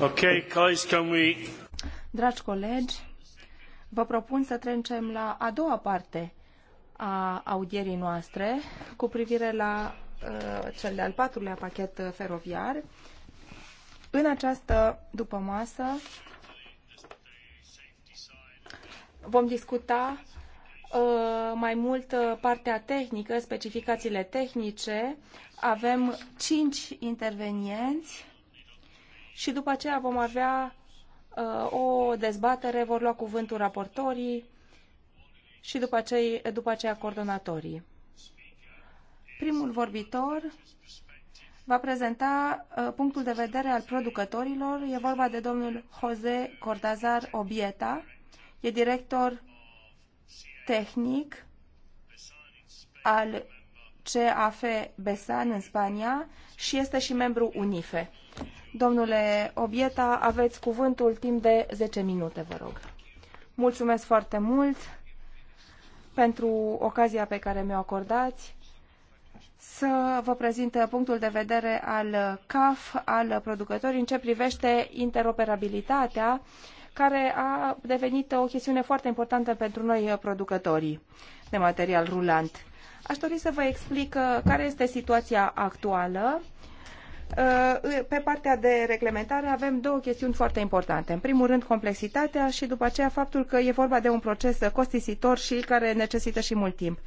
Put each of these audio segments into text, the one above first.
Okay, can we... Dragi colegi, vă propun să trecem la a doua parte a audierii noastre cu privire la uh, cel de-al patrulea pachet feroviar. În această dupămasă vom discuta uh, mai mult uh, partea tehnică, specificațiile tehnice. Avem cinci intervenienți și după aceea vom avea uh, o dezbatere, vor lua cuvântul raportorii și după aceea, după aceea coordonatorii. Primul vorbitor va prezenta uh, punctul de vedere al producătorilor. E vorba de domnul Jose Cordazar Obieta, e director tehnic al CAF Besan în Spania și este și membru UNIFE. Domnule Obieta, aveți cuvântul timp de 10 minute, vă rog. Mulțumesc foarte mult pentru ocazia pe care mi-o acordați să vă prezint punctul de vedere al CAF, al producătorii, în ce privește interoperabilitatea, care a devenit o chestiune foarte importantă pentru noi producătorii de material rulant. Aș dori să vă explic care este situația actuală Uh, pe partea de reglementare avem două chestiuni foarte importante. În primul rând, complexitatea și după aceea faptul că e vorba de un proces costisitor și care necesită și mult timp.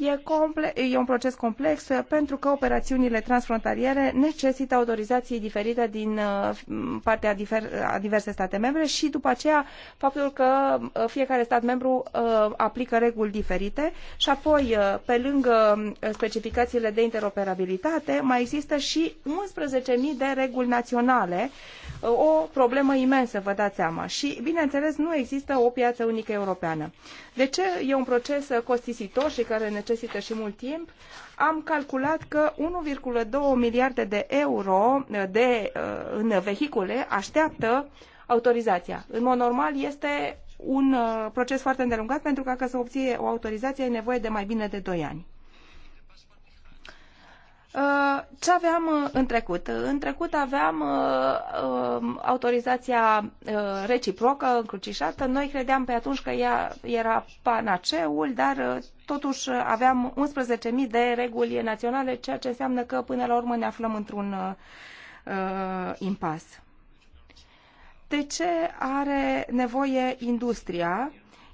E, comple- e un proces complex uh, pentru că operațiunile transfrontaliere necesită autorizații diferite din uh, partea a diverse state membre și după aceea faptul că uh, fiecare stat membru aplică reguli diferite și apoi pe lângă specificațiile de interoperabilitate mai există și 11.000 de reguli naționale o problemă imensă, vă dați seama. Și, bineînțeles, nu există o piață unică europeană. De ce e un proces costisitor și care necesită și mult timp? Am calculat că 1,2 miliarde de euro uh, de, uh, în vehicule așteaptă autorizația. În mod normal este un uh, proces foarte îndelungat pentru că ca să obții o autorizație ai nevoie de mai bine de 2 ani. Uh, ce aveam uh, în trecut? În trecut aveam uh, um, autorizația reciprocă încrucișată. Noi credeam pe atunci că ea era panaceul, dar totuși aveam 11.000 de reguli naționale, ceea ce înseamnă că până la urmă ne aflăm într-un impas. De ce are nevoie industria?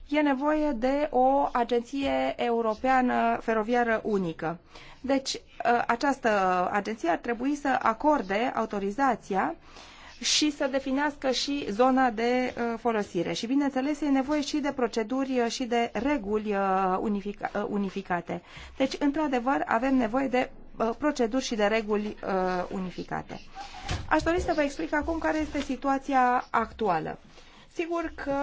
E nevoie de o agenție europeană feroviară unică. Deci, ă, această agenție ar trebui să acorde autorizația și să definească și zona de ă, folosire. Și, bineînțeles, e nevoie și de proceduri ă, și de reguli unifica unificate. Deci, într-adevăr, avem nevoie de proceduri și de reguli unificate. Aș dori să vă explic acum care este situația actuală. Sigur că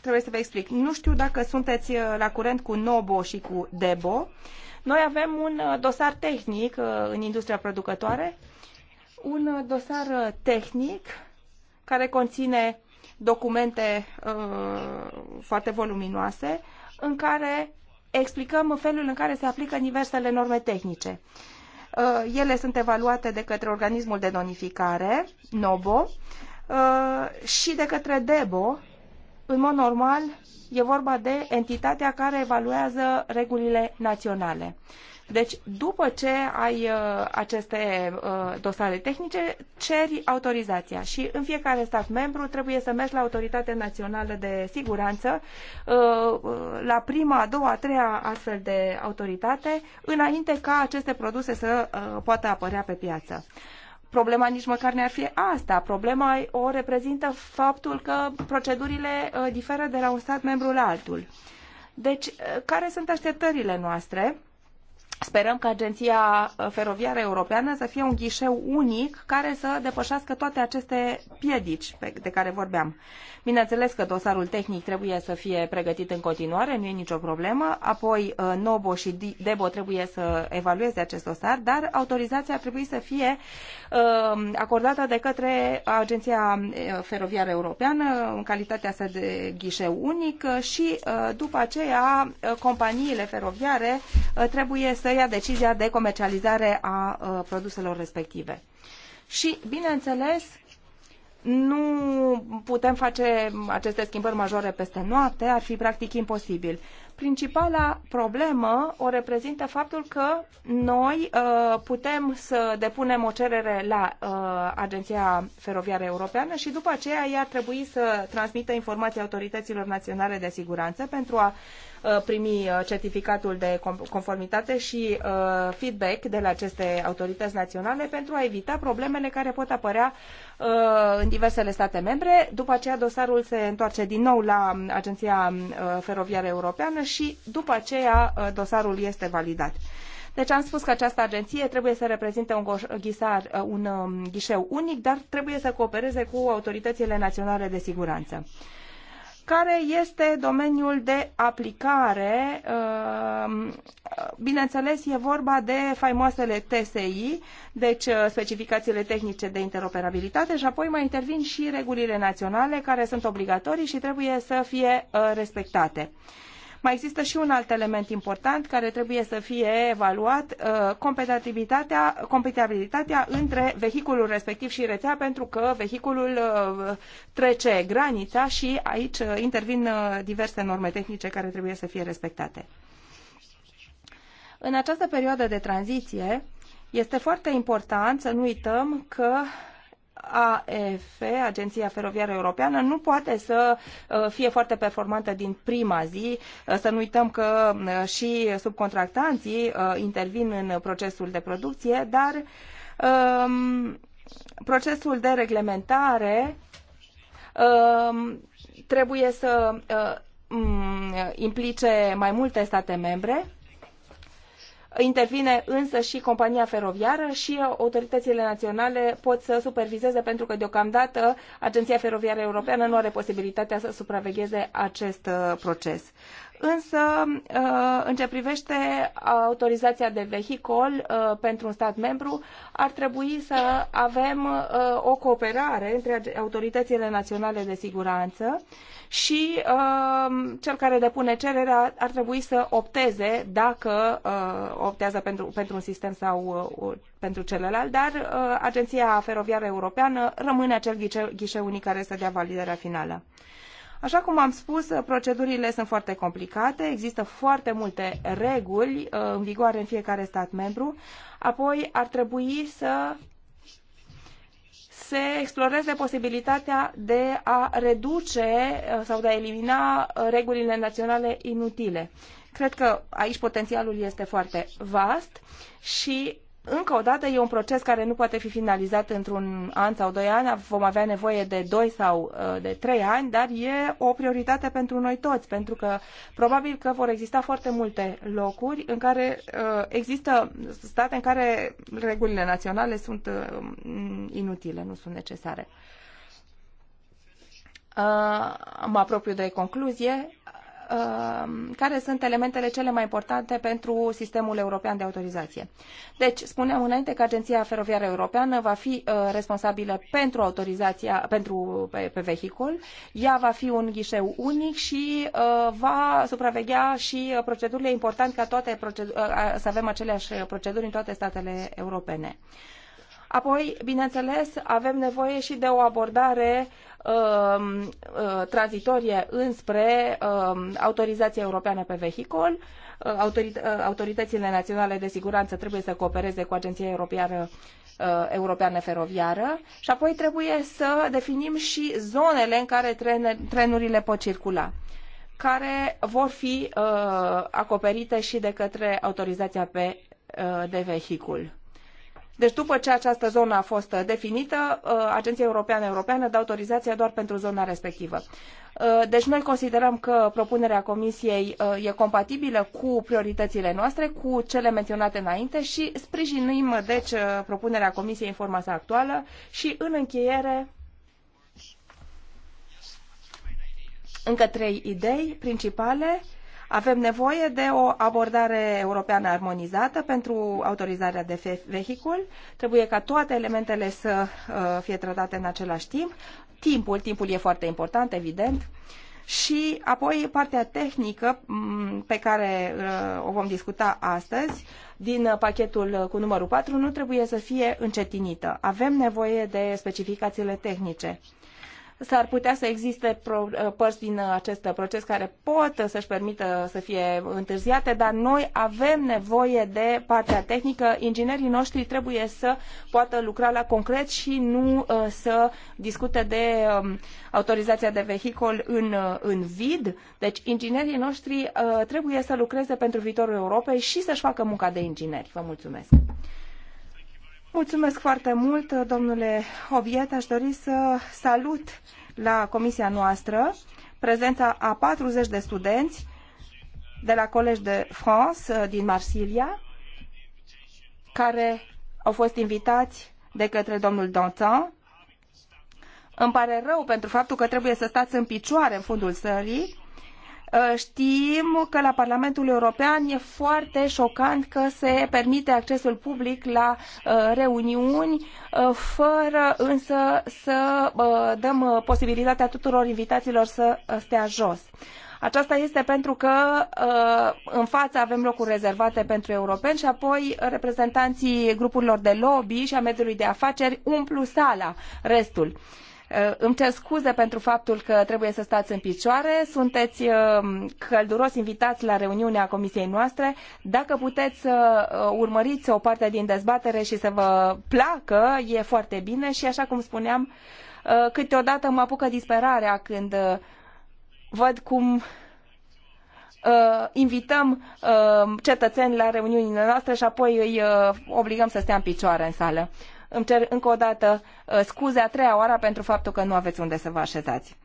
trebuie să vă explic. Nu știu dacă sunteți la curent cu Nobo și cu Debo. Uh, noi avem un uh, dosar tehnic uh, în industria producătoare, un uh, dosar tehnic care conține documente uh, foarte voluminoase în care explicăm felul în care se aplică diversele norme tehnice. Uh, ele sunt evaluate de către organismul de nonificare, NOBO, uh, și de către DEBO, în mod normal, e vorba de entitatea care evaluează regulile naționale. Deci, după ce ai uh, aceste uh, dosare tehnice, ceri autorizația și în fiecare stat membru trebuie să mergi la Autoritatea Națională de Siguranță, uh, uh la prima, a doua, a treia astfel de autoritate, înainte ca aceste produse să uh, poată apărea pe piață. Uh, problema nici măcar ne-ar fi asta. Problema o reprezintă faptul că procedurile uh, diferă de la un stat membru la altul. Deci, uh, care sunt așteptările noastre? Sperăm că Agenția Feroviară Europeană să fie un ghișeu unic care să depășească toate aceste piedici de care vorbeam. Bineînțeles că dosarul tehnic trebuie să fie pregătit în continuare, nu e nicio problemă. Apoi uh, Nobo și Debo trebuie să evalueze acest dosar, dar autorizația ar trebui să fie uh, acordată de către Agenția uh, Feroviară Europeană în calitatea sa de ghișeu unic și după aceea companiile feroviare trebuie să ia decizia de comercializare a uh, produselor respective. Și, bineînțeles, nu putem face aceste schimbări majore peste noapte, ar fi practic imposibil. Principala problemă o reprezintă faptul că noi uh, putem să depunem o cerere la uh, Agenția Feroviară Europeană și după aceea ea ar trebui să transmită informații autorităților naționale de siguranță pentru a uh, primi uh, certificatul de conformitate și uh, feedback de la aceste autorități naționale pentru a evita problemele care pot apărea Uh, în diversele state membre. După aceea dosarul se întoarce din nou la um, Agenția uh, Feroviară Europeană și după aceea uh, dosarul este validat. Deci am spus că această agenție trebuie să reprezinte un, ghisar, un um, ghișeu unic, dar trebuie să coopereze cu autoritățile naționale de siguranță care este domeniul de aplicare. Uh, bineînțeles, e vorba de faimoasele TSI, deci uh, specificațiile tehnice de interoperabilitate și apoi mai intervin și regulile naționale care sunt obligatorii și trebuie să fie uh, respectate. Mai există și un alt element important care trebuie să fie evaluat, uh, competitivitatea, compatibilitatea între vehiculul respectiv și rețea, pentru că vehiculul uh, trece granița și aici uh, intervin diverse norme tehnice care trebuie să fie respectate. În această perioadă de tranziție, este foarte important să nu uităm că AF, Agenția Feroviară Europeană, nu poate să uh, fie foarte performantă din prima zi. Uh, să nu uităm că uh, și subcontractanții intervin în procesul de producție, dar um, procesul de reglementare um, trebuie să um, implice mai multe state membre intervine însă și compania feroviară și autoritățile naționale pot să superviseze pentru că deocamdată Agenția Feroviară Europeană nu are posibilitatea să supravegheze acest uh, proces însă uh, în ce privește autorizația de vehicol uh, pentru un stat membru, ar trebui să avem uh, o cooperare între autoritățile naționale de siguranță și cel care depune cererea ar trebui să opteze dacă optează pentru, pentru un sistem sau pentru celălalt, dar Agenția Feroviară Europeană rămâne acel ghișeu unic care să dea validarea finală. Așa cum am spus, procedurile sunt foarte complicate, există foarte multe reguli uh, în vigoare în fiecare stat membru, apoi ar trebui să se exploreze posibilitatea de a reduce uh, sau de a elimina uh, regulile naționale inutile. Cred că aici potențialul este foarte vast și încă o dată e un proces care nu poate fi finalizat într-un an sau doi ani, vom avea nevoie de doi sau uh, de trei ani, dar e o prioritate pentru noi toți, pentru că probabil că vor exista foarte multe locuri în care uh, există state în care regulile naționale sunt uh, inutile, nu sunt necesare. Mă apropiu de concluzie. Um, care sunt elementele cele mai importante pentru sistemul european de autorizație. Deci, spuneam înainte că Agenția Feroviară Europeană va fi uh, responsabilă pentru autorizația pentru pe, pe vehicul. Ea va fi un ghișeu unic și uh, va supraveghea și uh, procedurile importante ca toate să avem aceleași proceduri în toate statele europene. Apoi, bineînțeles, avem nevoie și de o abordare Um, uh, tranzitorie înspre um, autorizația europeană pe vehicol. Uh, uh, autoritățile naționale de siguranță trebuie să coopereze cu Agenția Europeană europeană feroviară și apoi trebuie să definim și zonele în care tren, trenurile pot circula care vor fi uh, acoperite și de către autorizația pe, uh, de vehicul. Deci după ce această zonă a fost uh, definită, uh, Agenția Europeană Europeană dă autorizația doar pentru zona respectivă. Uh, deci noi considerăm că propunerea Comisiei e compatibilă cu prioritățile noastre, cu cele menționate înainte și sprijinim deci propunerea Comisiei în forma sa actuală și în încheiere încă trei idei principale avem nevoie de o abordare europeană armonizată pentru autorizarea de vehicul. Trebuie ca toate elementele să uh, fie tratate în același timp. Timpul, timpul e foarte important, evident. Și apoi partea tehnică mm, pe care uh, o vom discuta astăzi din pachetul cu numărul 4 nu trebuie să fie încetinită. Avem nevoie de specificațiile tehnice S-ar putea să existe uh, părți din acest proces care pot să-și permită să fie întârziate, dar noi avem nevoie de partea tehnică. Inginerii noștri trebuie să poată lucra la concret și nu uh, să discute de um, autorizația de vehicol în, uh, în vid. Deci inginerii noștri trebuie să lucreze pentru viitorul Europei și să-și facă munca de ingineri. Vă mulțumesc! Mulțumesc foarte mult, domnule Obiet. Aș dori să salut la comisia noastră prezența a 40 de studenți de la College de France uh, din Marsilia, care au fost invitați de către domnul Dantin. Îmi pare rău pentru faptul că trebuie să stați în picioare în fundul sălii, Uh, știm că la Parlamentul European e foarte șocant că se permite accesul public la uh, reuniuni, uh, fără însă să dăm posibilitatea tuturor invitaților să stea jos. Aceasta este pentru că în față avem locuri rezervate pentru europeni și apoi reprezentanții grupurilor de lobby și a mediului de afaceri umplu sala, restul. Uh, îmi cer scuze pentru faptul că trebuie să stați în picioare. Sunteți uh, călduros invitați la reuniunea comisiei noastre. Dacă puteți să uh, urmăriți o parte din dezbatere și să vă placă, e foarte bine și așa cum spuneam, câteodată mă apucă disperarea când văd cum invităm uh, cetățeni la reuniunile noastre și apoi îi obligăm să stea în picioare în sală. Îmi cer încă o dată uh, scuze a treia oară pentru faptul că nu aveți unde să vă așezați.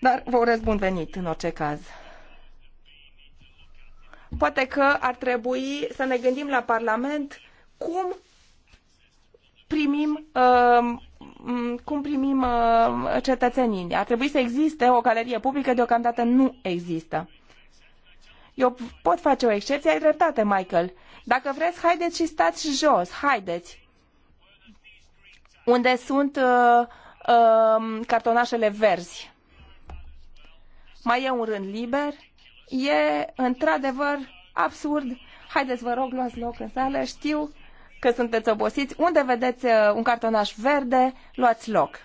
Dar vă urez bun venit în orice caz. Poate că ar trebui să ne gândim la Parlament cum primim uh, cum primim uh, cetățenii. Ar trebui să existe o galerie publică, deocamdată nu există. Eu pot face o excepție, ai dreptate, Michael. Dacă vreți, haideți și stați jos, haideți unde sunt uh, uh, cartonașele verzi. Mai e un rând liber. E într-adevăr absurd. Haideți, vă rog, luați loc în sală. Știu că sunteți obosiți. Unde vedeți uh, un cartonaș verde, luați loc.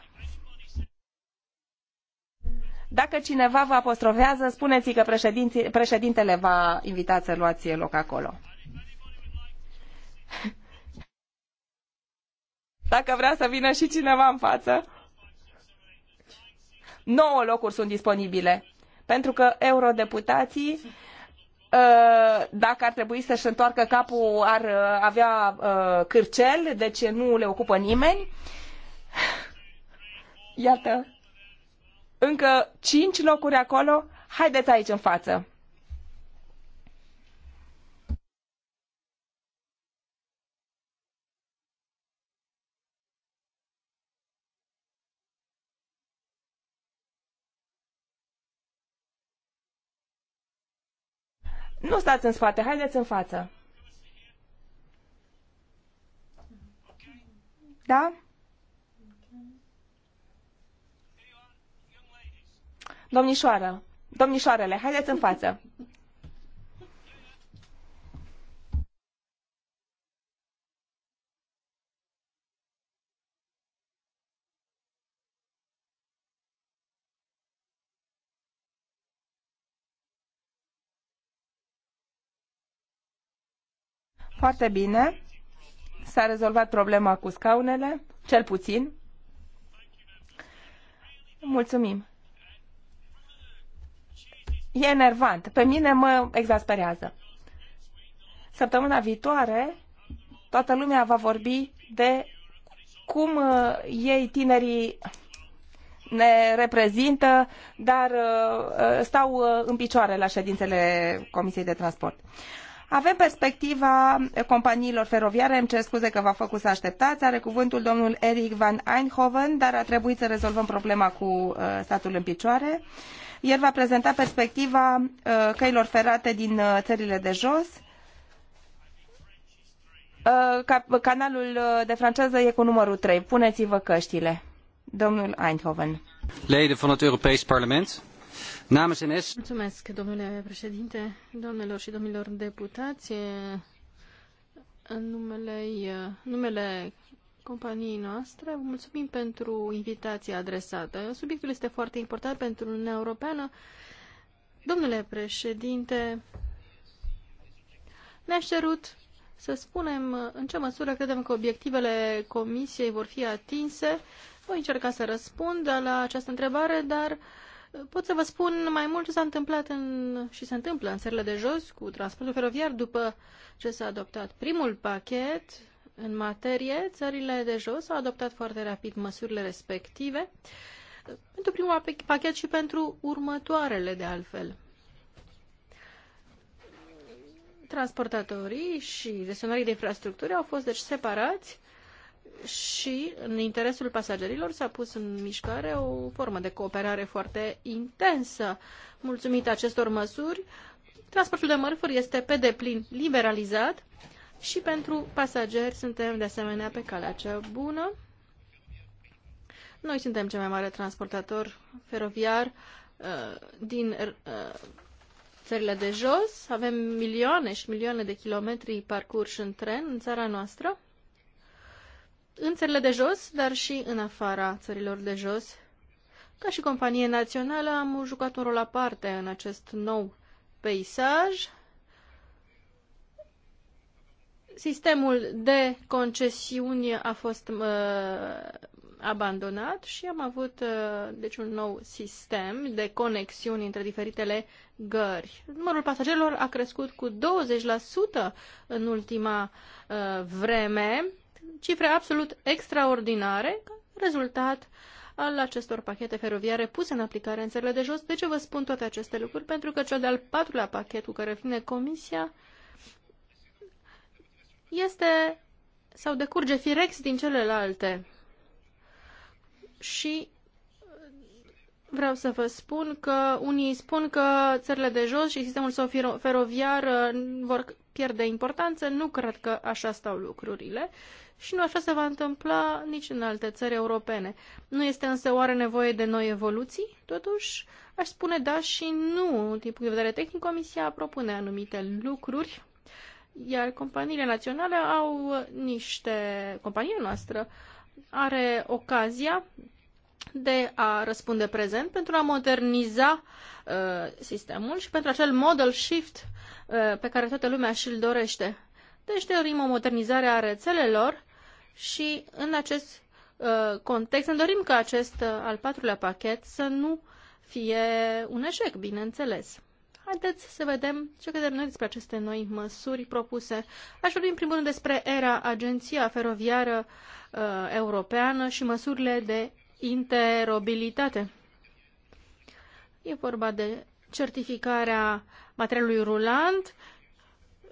Dacă cineva vă apostrovează, spuneți că președintele va invita să luați loc acolo. Dacă vrea să vină și cineva în față. 9 locuri sunt disponibile. Pentru că eurodeputații, uh, dacă ar trebui să-și întoarcă capul, ar uh, avea uh, cârcel, deci nu le ocupă nimeni. Iată, încă 5 locuri acolo. Haideți aici în față. Nu stați în spate, haideți în față. Da? Domnișoară, domnișoarele, haideți în față. Foarte bine. S-a rezolvat problema cu scaunele, cel puțin. Mulțumim. E enervant. Pe mine mă exasperează. Săptămâna viitoare, toată lumea va vorbi de cum uh, ei, tinerii, ne reprezintă, dar uh, uh, stau în picioare la ședințele Comisiei de Transport. Avem perspectiva companiilor feroviare, îmi cer scuze că v-a făcut să așteptați, are cuvântul domnul Eric van Einhoven, dar a trebuit să rezolvăm problema cu uh, statul în picioare. El va prezenta perspectiva uh, căilor ferate din uh, țările de jos, canalul de franceză e cu numărul 3. Puneți-vă căștile. Domnul Eindhoven. Leden van het Europees Parlement. Mulțumesc, domnule președinte, domnilor domnilor deputați. În numele, numele companiei noastre, vă mulțumim pentru invitația adresată. Subiectul este foarte important pentru Uniunea Europeană. Domnule președinte, ne-a cerut să spunem în ce măsură credem că obiectivele comisiei vor fi atinse. Voi încerca să răspund la această întrebare, dar uh, Pot să vă spun mai mult ce s-a întâmplat în, și se întâmplă în țările de jos cu transportul feroviar după ce s-a adoptat primul pachet în materie. Țările de jos au adoptat foarte rapid măsurile respective uh, pentru primul pachet și pentru următoarele de altfel. Transportatorii și gestionarii de infrastructuri au fost deci separați și în interesul pasagerilor s-a pus în mișcare o formă de cooperare foarte intensă. Mulțumită acestor măsuri, transportul de mărfuri este pe deplin liberalizat și pentru pasageri suntem de asemenea pe calea cea bună. Noi suntem cel mai mare transportator feroviar uh, din uh, țările de jos. Avem milioane și milioane de kilometri parcurși în tren în țara noastră în țările de jos, dar și în afara țărilor de jos. Ca și companie națională am jucat un rol aparte în acest nou peisaj. Sistemul de concesiuni a fost uh, abandonat și am avut uh, deci un nou sistem de conexiuni între diferitele gări. Numărul pasagerilor a crescut cu 20% în ultima uh, vreme cifre absolut extraordinare rezultat al acestor pachete feroviare puse în aplicare în țările de jos. De ce vă spun toate aceste lucruri? Pentru că cel de-al patrulea pachet cu care vine Comisia este sau decurge firex din celelalte. Și vreau să vă spun că unii spun că țările de jos și sistemul său feroviar uh, vor pierde importanță. Nu cred că așa stau lucrurile și nu așa se va întâmpla nici în alte țări europene. Nu este însă oare nevoie de noi evoluții? Totuși, aș spune da și nu. Din punct de vedere tehnic, Comisia propune anumite lucruri, iar companiile naționale au niște... Compania noastră are ocazia de a răspunde prezent pentru a moderniza uh, sistemul și pentru acel model shift uh, pe care toată lumea și-l dorește. Deci dorim o modernizare a rețelelor și în acest uh, context ne dorim ca acest uh, al patrulea pachet să nu fie un eșec, bineînțeles. Haideți să vedem ce credem noi despre aceste noi măsuri propuse. Aș vorbi în primul rând despre ERA, Agenția Feroviară uh, Europeană și măsurile de interoperabilitate. E vorba de certificarea materialului rulant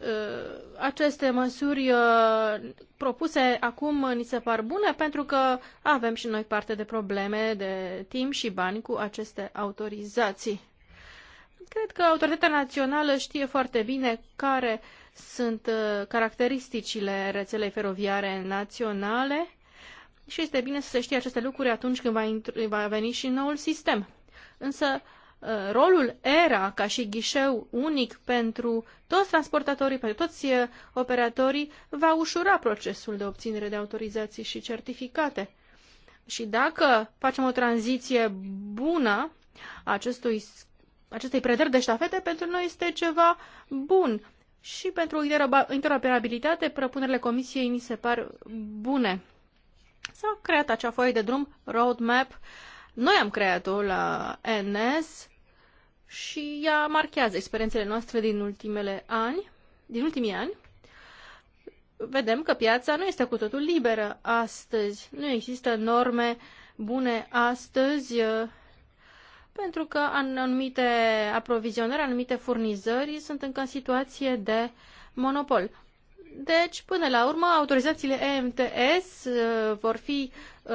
Uh, aceste măsuri uh, propuse acum ni se par bune pentru că avem și noi parte de probleme de timp și bani cu aceste autorizații. Cred că autoritatea națională știe foarte bine care sunt uh, caracteristicile rețelei feroviare naționale și este bine să se știe aceste lucruri atunci când va, veni și noul sistem. Însă Uh, rolul ERA ca și ghișeu unic pentru toți transportatorii, pentru toți uh, operatorii, va ușura procesul de obținere de autorizații și certificate. Și dacă facem o tranziție bună acestui, acestei predări de ștafete, pentru noi este ceva bun. Și pentru interoperabilitate, propunerile comisiei mi se par bune. S-a creat acea foaie de drum, roadmap, uh, noi am creat-o la NS și ea marchează experiențele noastre din ultimele ani, din ultimii ani. Vedem că piața nu este cu totul liberă astăzi. Nu există norme bune astăzi uh, pentru că anumite aprovizionări, anumite furnizări sunt încă în situație de monopol. Deci, până la urmă, autorizațiile EMTS uh, vor fi uh,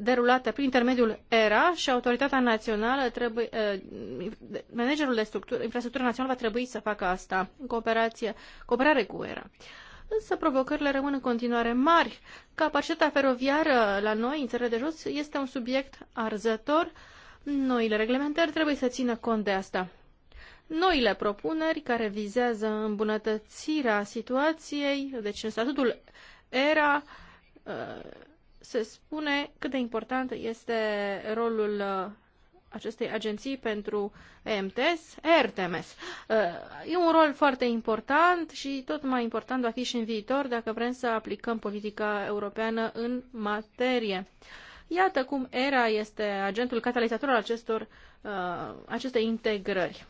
derulate prin intermediul ERA și autoritatea națională trebuie, uh, managerul de structură, infrastructură națională va trebui să facă asta în cooperație, cooperare cu ERA. Însă provocările rămân în continuare mari. Capacitatea feroviară la noi, în țările de jos, este un subiect arzător. Noile reglementări trebuie să țină cont de asta noile propuneri care vizează îmbunătățirea situației, deci în statutul ERA uh, se spune cât de important este rolul uh, acestei agenții pentru EMTS, RTMS. Uh, e un rol foarte important și tot mai important va fi și în viitor dacă vrem să aplicăm politica europeană în materie. Iată cum ERA este agentul catalizator al acestor, acestei integrări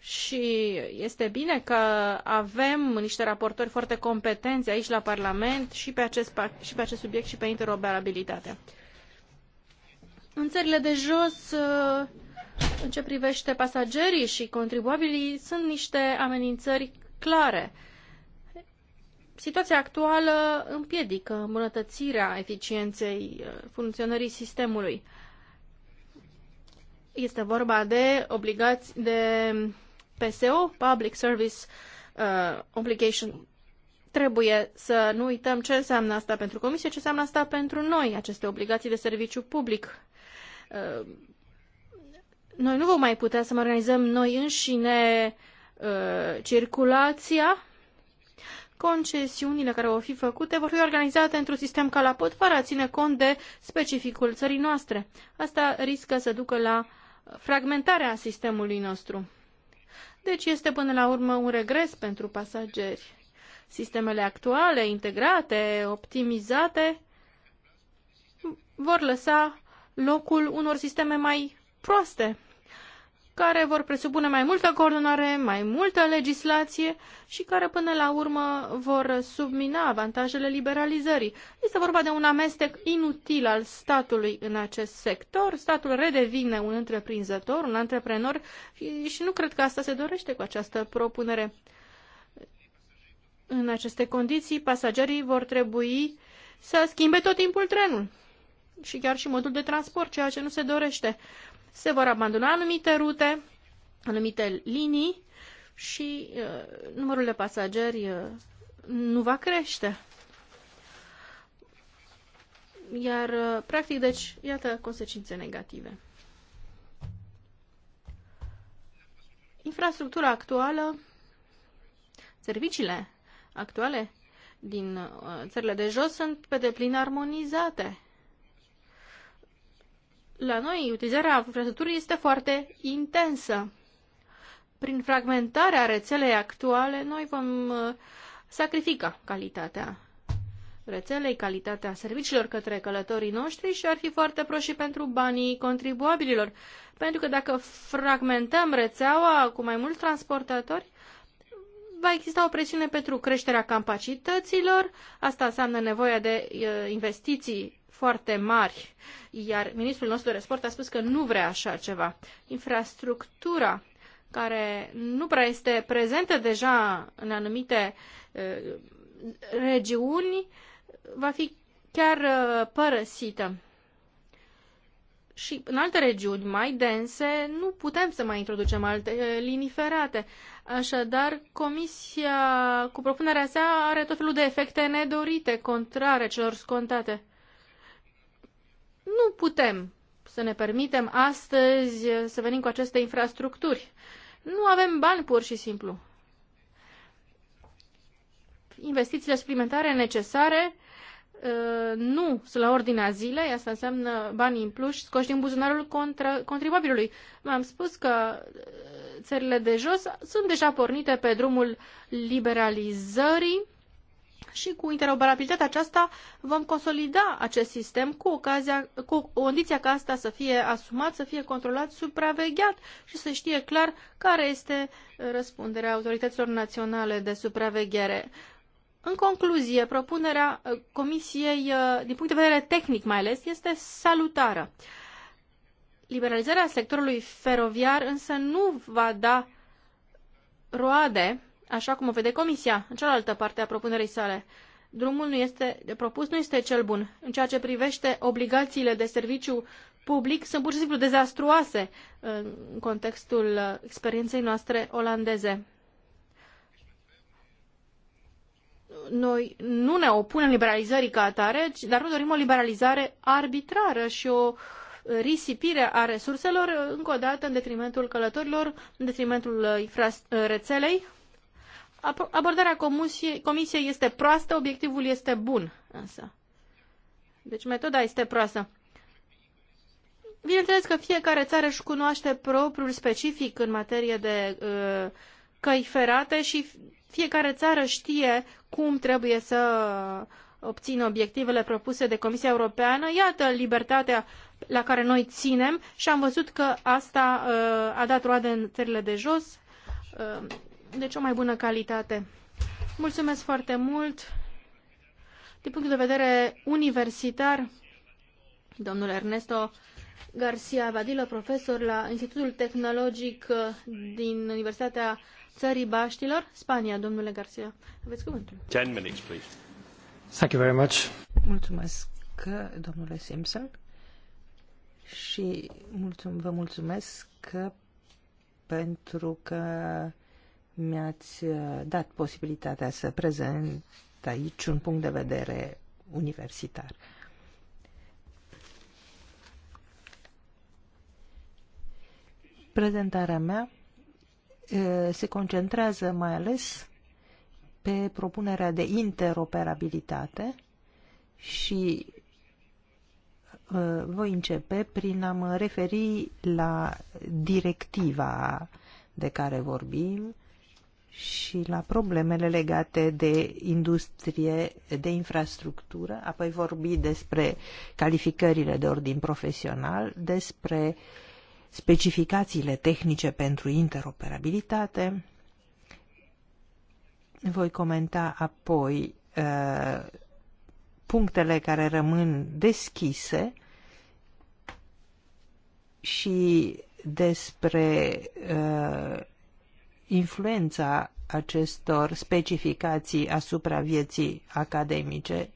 și este bine că avem niște raportori foarte competenți aici la Parlament și pe acest, și pe acest subiect și pe interoperabilitate. În țările de jos, uh, în ce privește pasagerii și contribuabilii, sunt niște amenințări clare. Situația actuală împiedică îmbunătățirea eficienței uh, funcționării sistemului. Este vorba de obligați de PSO, Public Service uh, Obligation. Trebuie să nu uităm ce înseamnă asta pentru Comisie, ce înseamnă asta pentru noi, aceste obligații de serviciu public. Uh, noi nu vom mai putea să mai organizăm noi înșine uh, circulația. Concesiunile care vor fi făcute vor fi organizate într-un sistem ca la pot, fără a ține cont de specificul țării noastre. Asta riscă să ducă la fragmentarea sistemului nostru. Deci este până la urmă un regres pentru pasageri. Sistemele actuale, integrate, optimizate, vor lăsa locul unor sisteme mai proaste care vor presupune mai multă coordonare, mai multă legislație și care până la urmă vor submina avantajele liberalizării. Este vorba de un amestec inutil al statului în acest sector. Statul redevine un întreprinzător, un antreprenor și nu cred că asta se dorește cu această propunere. În aceste condiții, pasagerii vor trebui să schimbe tot timpul trenul și chiar și modul de transport, ceea ce nu se dorește se vor abandona anumite rute, anumite linii și uh, numărul de pasageri uh, nu va crește. Iar, uh, practic, deci, iată consecințe negative. Infrastructura actuală, serviciile actuale din uh, țările de jos sunt pe deplin armonizate la noi utilizarea infrastructurii este foarte intensă. Prin fragmentarea rețelei actuale, noi vom uh, sacrifica calitatea rețelei, calitatea serviciilor către călătorii noștri și ar fi foarte proșii pentru banii contribuabililor. Pentru că dacă fragmentăm rețeaua cu mai mulți transportatori, va exista o presiune pentru creșterea capacităților, asta înseamnă nevoia de uh, investiții foarte mari, iar ministrul nostru de sport a spus că nu vrea așa ceva. Infrastructura care nu prea este prezentă deja în anumite uh, regiuni, va fi chiar uh, părăsită. Și în alte regiuni mai dense nu putem să mai introducem alte uh, linii ferate. Așadar, Comisia, cu propunerea sa, are tot felul de efecte nedorite, contrare celor scontate. Nu putem să ne permitem astăzi să venim cu aceste infrastructuri. Nu avem bani pur și simplu. Investițiile suplimentare necesare uh, nu sunt la ordinea zilei, asta înseamnă bani în plus scoși din buzunarul contra, contribuabilului. V-am spus că uh, țările de jos sunt deja pornite pe drumul liberalizării și cu interoperabilitatea aceasta vom consolida acest sistem cu, ocazia, cu condiția ca asta să fie asumat, să fie controlat, supravegheat și să știe clar care este răspunderea autorităților naționale de supraveghere. În concluzie, propunerea uh, Comisiei, uh, din punct de vedere tehnic mai ales, este salutară. Liberalizarea sectorului feroviar însă nu va da roade așa cum o vede Comisia, în cealaltă parte a propunerii sale. Drumul nu este, de propus nu este cel bun. În ceea ce privește obligațiile de serviciu public, sunt pur și simplu dezastruoase în contextul uh, experienței noastre olandeze. Noi nu ne opunem liberalizării ca atare, dar nu dorim o liberalizare arbitrară și o risipire a resurselor, încă o dată, în detrimentul călătorilor, în detrimentul uh, uh, rețelei Abordarea comisiei, comisiei este proastă, obiectivul este bun, însă. Deci metoda este proastă. Bineînțeles că fiecare țară își cunoaște propriul specific în materie de uh, căi ferate și fiecare țară știe cum trebuie să obțină obiectivele propuse de Comisia Europeană. Iată libertatea la care noi ținem și am văzut că asta uh, a dat roade în țările de jos. Uh, de deci cea mai bună calitate. Mulțumesc foarte mult! Din punct de vedere universitar, domnul Ernesto Garcia Vadillo, profesor la Institutul Tehnologic uh, din Universitatea Țării Baștilor, Spania. Domnule Garcia, aveți cuvântul. 10 minutes, please. Thank you very much. Mulțumesc, domnule Simpson. Și mulțum, vă mulțumesc pentru că mi-ați uh, dat posibilitatea să prezent aici un punct de vedere universitar. Prezentarea mea uh, se concentrează mai ales pe propunerea de interoperabilitate și uh, voi începe prin a mă referi la directiva de care vorbim, și la problemele legate de industrie, de infrastructură, apoi vorbi despre calificările de ordin profesional, despre specificațiile tehnice pentru interoperabilitate. Voi comenta apoi uh, punctele care rămân deschise și despre uh, influența acestor specificații asupra vieții academice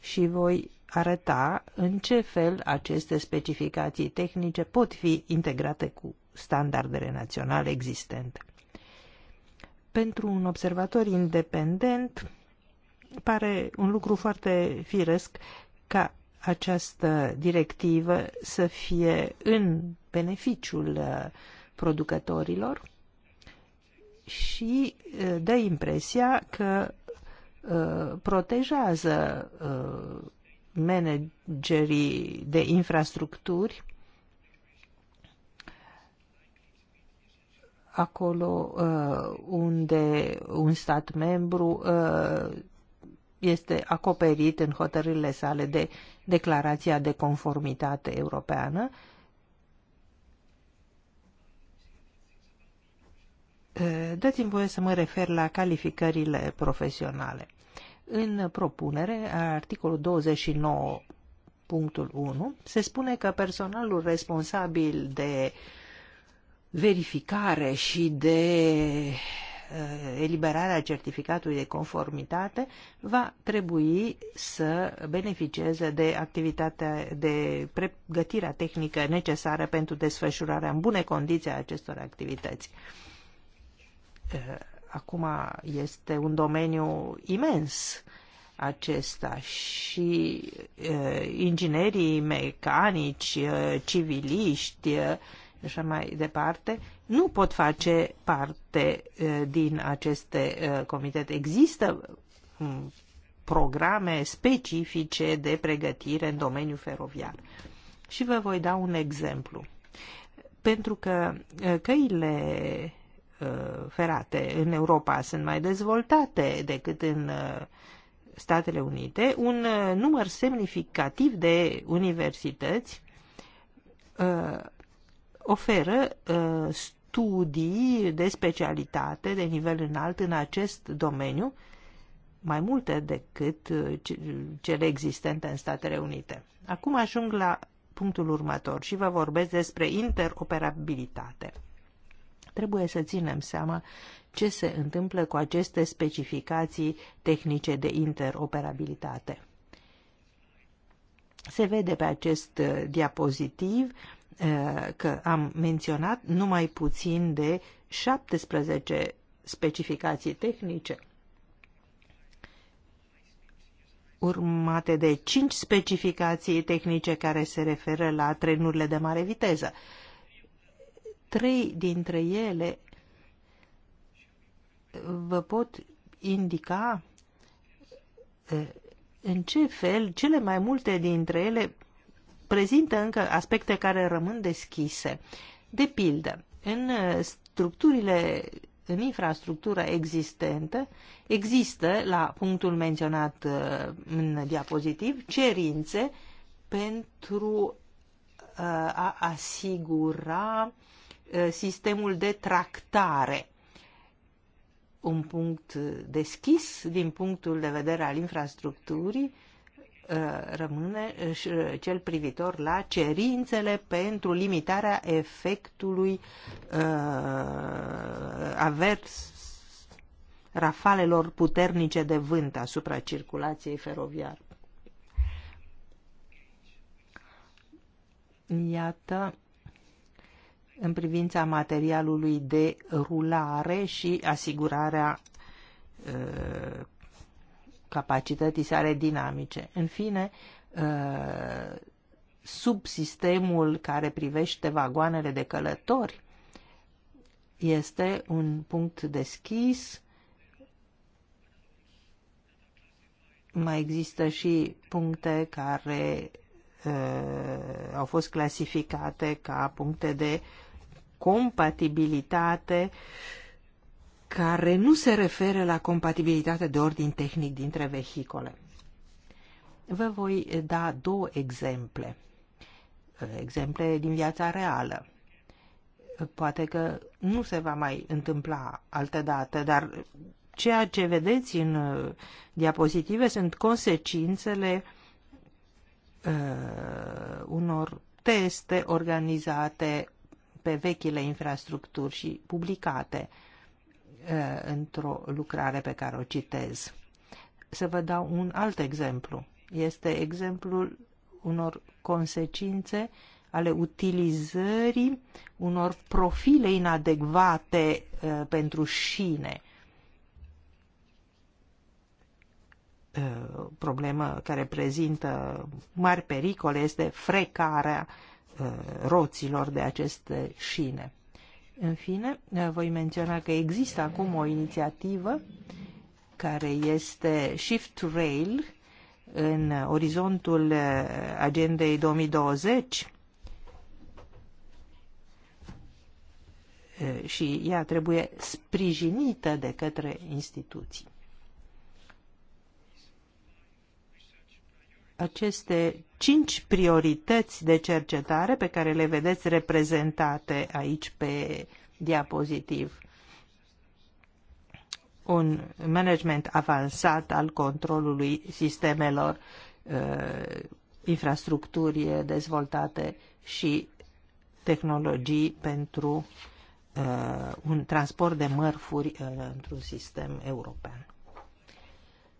și voi arăta în ce fel aceste specificații tehnice pot fi integrate cu standardele naționale existente. Pentru un observator independent, pare un lucru foarte firesc ca această directivă să fie în beneficiul uh, producătorilor și dă impresia că protejează managerii de infrastructuri acolo unde un stat membru este acoperit în hotărârile sale de declarația de conformitate europeană Eh, dați-mi voie să mă refer la calificările profesionale. În propunere, articolul 29.1, punctul se spune că personalul responsabil de verificare și de eh, eliberarea certificatului de conformitate va trebui să beneficieze de activitatea de pregătirea tehnică necesară pentru desfășurarea în bune condiții a acestor activități. Uh, Eh, acum este un domeniu imens acesta și uh, inginerii mecanici, uh, civiliști uh, așa mai departe, nu pot face parte uh, din aceste uh, comitete. Există um, programe specifice de pregătire în domeniul feroviar. Și vă voi da un exemplu. Pentru că uh, căile Uh, ferate în Europa sunt mai dezvoltate decât în uh, Statele Unite, un uh, număr semnificativ de universități oferă studii de specialitate de nivel înalt în acest domeniu, mai multe decât cele existente în Statele Unite. Acum ajung la punctul următor și vă vorbesc despre interoperabilitate. Trebuie să ținem seama ce se întâmplă cu aceste specificații tehnice de interoperabilitate. Se vede pe acest uh, diapozitiv uh, că am menționat numai puțin de 17 specificații tehnice urmate de cinci specificații tehnice care se referă la trenurile de mare viteză trei dintre ele vă pot indica în ce fel cele mai multe dintre ele prezintă încă aspecte care rămân deschise. De pildă, în structurile, în infrastructura existentă, există, la punctul menționat în diapozitiv, cerințe pentru a asigura Uh, sistemul de tractare. Un punct deschis din punctul de vedere al infrastructurii uh, rămâne uh, cel privitor la cerințele pentru limitarea efectului avers rafalelor puternice de vânt asupra circulației feroviare. Iată în privința materialului de rulare și asigurarea uh, capacității sale dinamice. În fine, uh, subsistemul care privește vagoanele de călători este un punct deschis. Mai există și puncte care uh, au fost clasificate ca puncte de compatibilitate care nu se referă la compatibilitate de ordin tehnic dintre vehicole. Vă voi da două exemple, exemple din viața reală. Poate că nu se va mai întâmpla altă dată, dar ceea ce vedeți în uh, diapozitive sunt consecințele uh, unor teste organizate pe vechile infrastructuri și publicate într-o lucrare pe care o citez. Să vă dau un alt exemplu. Este exemplul unor consecințe ale utilizării unor profile inadecvate uh, pentru șine. Uh, problemă care prezintă mari pericole este frecarea uh, Uh, roților de aceste șine. În fine, uh, voi menționa că există acum o inițiativă care este Shift to Rail în orizontul uh, agendei 2020 și ea trebuie sprijinită de către instituții. aceste cinci priorități de cercetare pe care le vedeți reprezentate aici pe diapozitiv. Un management avansat al controlului sistemelor, uh, infrastructuri dezvoltate și tehnologii pentru uh, un transport de mărfuri uh, într-un sistem european.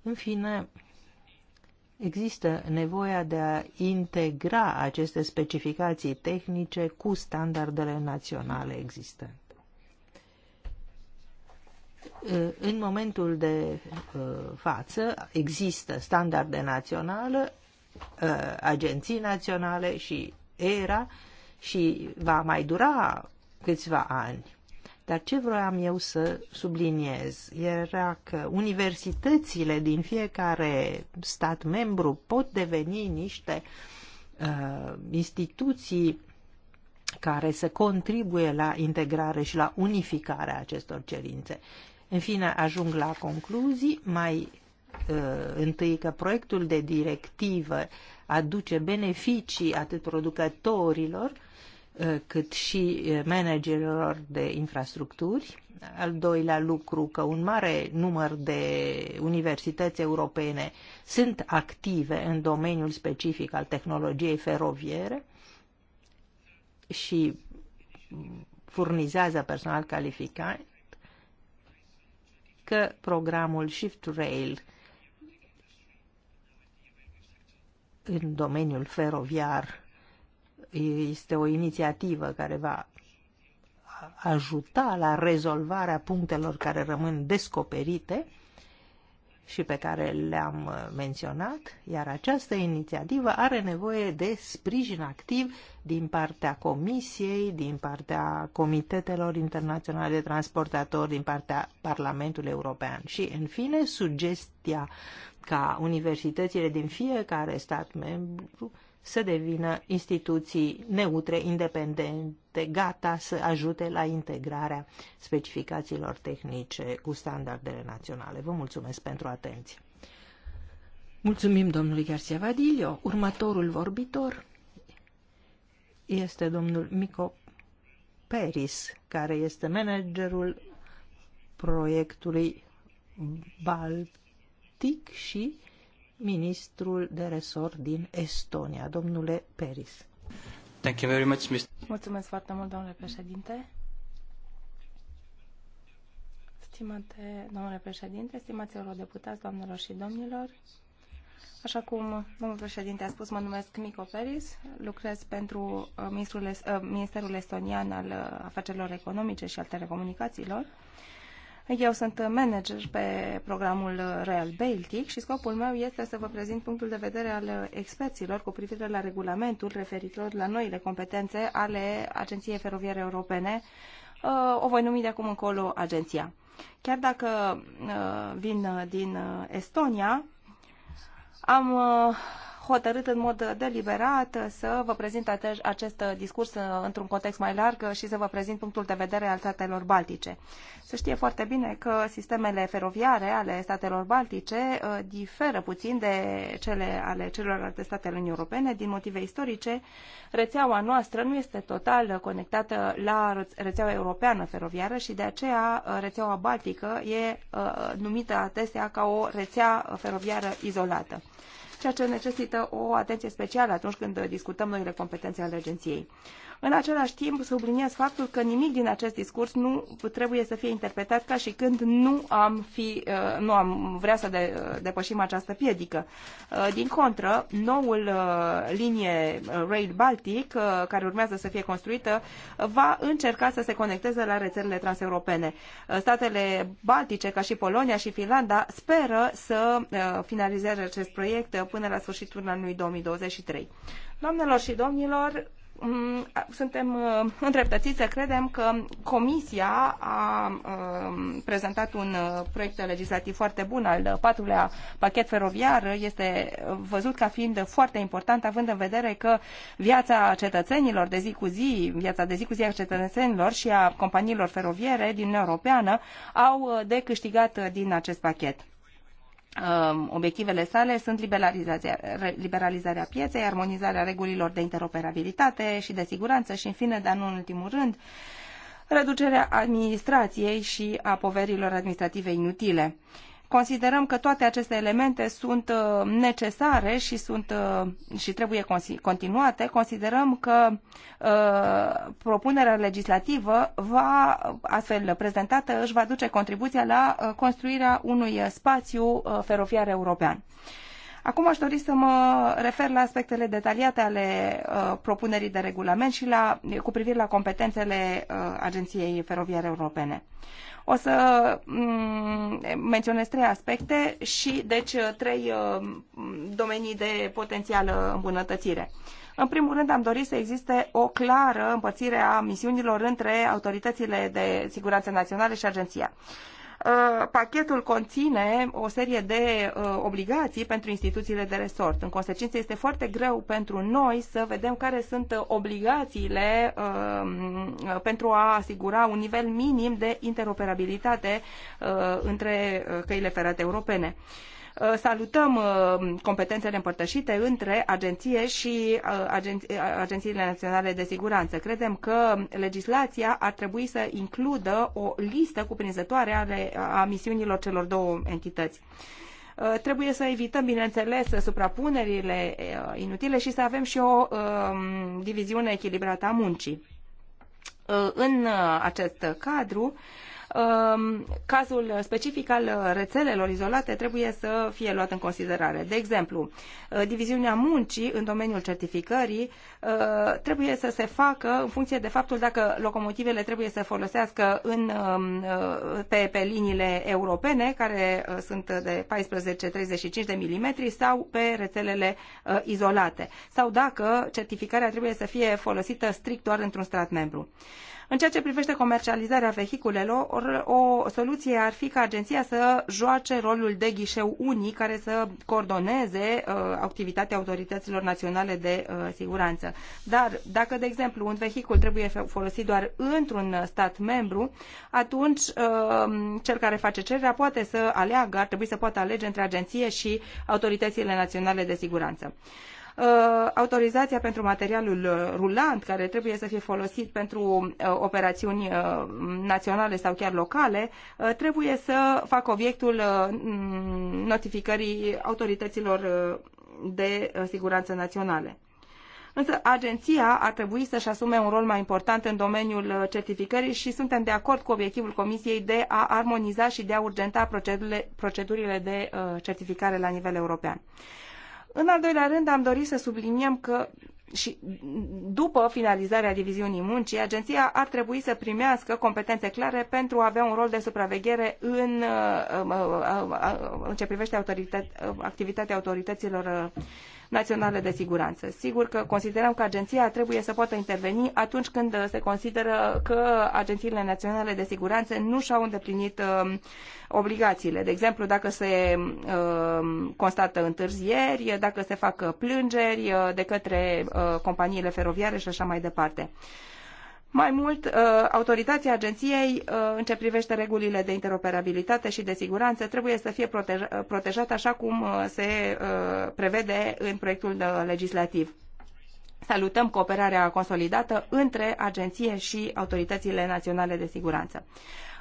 În fine, Există nevoia de a integra aceste specificații tehnice cu standardele naționale existente. În momentul de uh, față există standarde naționale, uh, agenții naționale și ERA și va mai dura câțiva ani dar ce vroiam eu să subliniez era că universitățile din fiecare stat membru pot deveni niște uh, instituții care să contribuie la integrare și la unificarea acestor cerințe. În fine, ajung la concluzii, mai uh, întâi că proiectul de directivă aduce beneficii atât producătorilor, Eh, cât și eh, managerilor de infrastructuri. Al doilea lucru, că un mare număr de universități europene sunt active în domeniul specific al tehnologiei feroviere și furnizează personal calificat, că programul Shift Rail în domeniul feroviar este o inițiativă care va ajuta la rezolvarea punctelor care rămân descoperite și pe care le-am uh, menționat, iar această inițiativă are nevoie de sprijin activ din partea Comisiei, din partea Comitetelor Internaționale de Transportatori, din partea Parlamentului European. Și, în fine, sugestia ca universitățile din fiecare stat membru să devină instituții neutre, independente, gata să ajute la integrarea specificațiilor tehnice cu standardele naționale. Vă mulțumesc pentru atenție. Mulțumim domnului Garcia Vadilio. Următorul vorbitor este domnul Mico Peris, care este managerul proiectului Baltic și ministrul de resort din Estonia, domnule Peris. Thank you very much, Mr. Mulțumesc foarte mult, domnule președinte. Stimate domnule președinte, stimați eurodeputați, doamnelor și domnilor, Așa cum domnul președinte a spus, mă numesc Mico Peris, lucrez pentru uh, uh, Ministerul Estonian al uh, Afacerilor Economice și al Telecomunicațiilor eu sunt manager pe programul Real Baltic și scopul meu este să vă prezint punctul de vedere al experților cu privire la regulamentul referitor la noile competențe ale Agenției Feroviare Europene. Uh, o voi numi de acum încolo agenția. Chiar dacă uh, vin din Estonia, am uh, hotărât în mod deliberat să vă prezint acest discurs uh, într-un context mai larg și să vă prezint punctul de vedere al statelor baltice. Se știe foarte bine că sistemele feroviare ale statelor baltice uh, diferă puțin de cele ale celorlalte state ale Uniunii Europene din motive istorice. Rețeaua noastră nu este total conectată la rețeaua europeană feroviară și de aceea uh, rețeaua baltică e numită adesea ca o rețea feroviară izolată ceea ce necesită o atenție specială atunci când discutăm noile competene ale agenției. În același timp, subliniez faptul că nimic din acest discurs nu trebuie să fie interpretat ca și când nu am, fi, uh, nu am vrea să de, uh, depășim această piedică. Uh, din contră, noul linie Rail Baltic, care urmează să fie construită, va încerca să se conecteze la rețelele transeuropene. Statele Baltice, ca și Polonia și Finlanda, speră să finalizeze acest proiect până la sfârșitul anului 2023. Doamnelor și domnilor, Mm, suntem uh, îndreptățiți să credem că Comisia a um, prezentat un uh, proiect legislativ foarte bun al patrulea pachet feroviar. Este văzut ca fiind foarte important, având în vedere că viața cetățenilor de zi cu zi, viața de zi cu zi a cetățenilor și a companiilor feroviere din Uniunea Europeană au uh, de câștigat din acest pachet. Um, obiectivele sale sunt liberalizarea, liberalizarea pieței, armonizarea regulilor de interoperabilitate și de siguranță și, în fine, dar nu în ultimul rând, reducerea administrației și a poverilor administrative inutile. Considerăm că toate aceste elemente sunt uh, necesare și, sunt, uh, și trebuie continuate. Considerăm că uh, propunerea legislativă va, astfel prezentată, își va duce contribuția la construirea unui spațiu feroviar european. Acum aș dori să mă refer la aspectele detaliate ale uh, propunerii de regulament și la, cu privire la competențele uh, Agenției Feroviare Europene. Uh, o să mm, menționez trei aspecte și, deci, trei mm, domenii de potențială îmbunătățire. În primul rând, am dorit să existe o clară împărțire a misiunilor între autoritățile de siguranță naționale și agenția. Uh, pachetul conține o serie de uh, obligații pentru instituțiile de resort. În consecință, este foarte greu pentru noi să vedem care sunt obligațiile uh, pentru a asigura un nivel minim de interoperabilitate între căile ferate europene. Uh, Uh, salutăm uh, competențele împărtășite între agenție și uh, agențiile naționale de siguranță. Credem că legislația ar trebui să includă o listă cuprinzătoare ale, a misiunilor celor două entități trebuie să evităm, bineînțeles, suprapunerile inutile și să avem și o um, diviziune echilibrată a muncii. În acest cadru, Um, cazul specific al rețelelor izolate trebuie să fie luat în considerare. De exemplu, uh, diviziunea muncii în domeniul certificării uh, trebuie să se facă în funcție de faptul dacă locomotivele trebuie să folosească în, um, uh, pe, pe liniile europene, care sunt de 14-35 de milimetri, sau pe rețelele izolate, sau dacă certificarea trebuie să fie folosită strict doar într-un stat membru. În ceea ce privește comercializarea vehiculelor, o soluție ar fi ca agenția să joace rolul de ghișeu unic care să coordoneze uh, activitatea autorităților naționale de uh, siguranță. Dar dacă, de exemplu, un vehicul trebuie folosit doar într-un stat membru, atunci uh, cel care face cererea poate să aleagă, ar trebui să poată alege între agenție și autoritățile naționale de siguranță. Uh, Uh, autorizația pentru materialul uh, rulant care trebuie să fie folosit pentru uh, operațiuni naționale sau chiar locale trebuie să facă obiectul notificării autorităților de siguranță naționale. Însă agenția ar trebui să-și asume un rol mai important în domeniul certificării și suntem de acord cu obiectivul Comisiei de a armoniza și de a urgenta procedurile, procedurile de certificare la nivel european. În al doilea rând, am dorit să subliniem că și după finalizarea diviziunii muncii, agenția ar trebui să primească competențe clare pentru a avea un rol de supraveghere în, uh, uh, uh, în ce privește activitatea autorităților naționale de siguranță. Sigur că considerăm că agenția trebuie să poată interveni atunci când se consideră că agențiile naționale de siguranță nu și-au îndeplinit um, obligațiile. De exemplu, dacă se um, constată întârzieri, dacă se fac plângeri uh, de către uh, companiile feroviare și așa mai departe. Mai mult, uh, autoritatea agenției, uh, în ce privește regulile de interoperabilitate și de siguranță, trebuie să fie uh, protejată așa cum se prevede în proiectul legislativ. Salutăm cooperarea consolidată între agenție și autoritățile naționale de siguranță.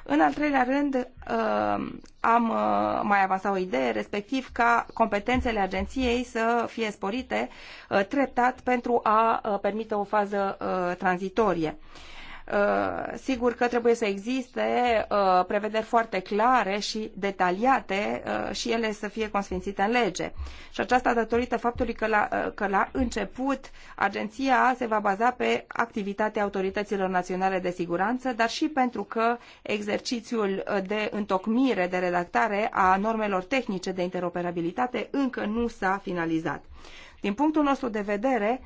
În al treilea rând, uh, am uh, mai avansat o idee, respectiv ca competențele agenției să fie sporite uh, treptat pentru a permite o fază tranzitorie. Uh, sigur că trebuie să existe uh, prevederi foarte clare și detaliate uh, și ele să fie consfințite în lege. Și aceasta datorită faptului că la, că la început agenția se va baza pe activitatea autorităților naționale de siguranță, dar și pentru că exercițiul de întocmire, de redactare a normelor tehnice de interoperabilitate încă nu s-a finalizat. Din punctul nostru de vedere,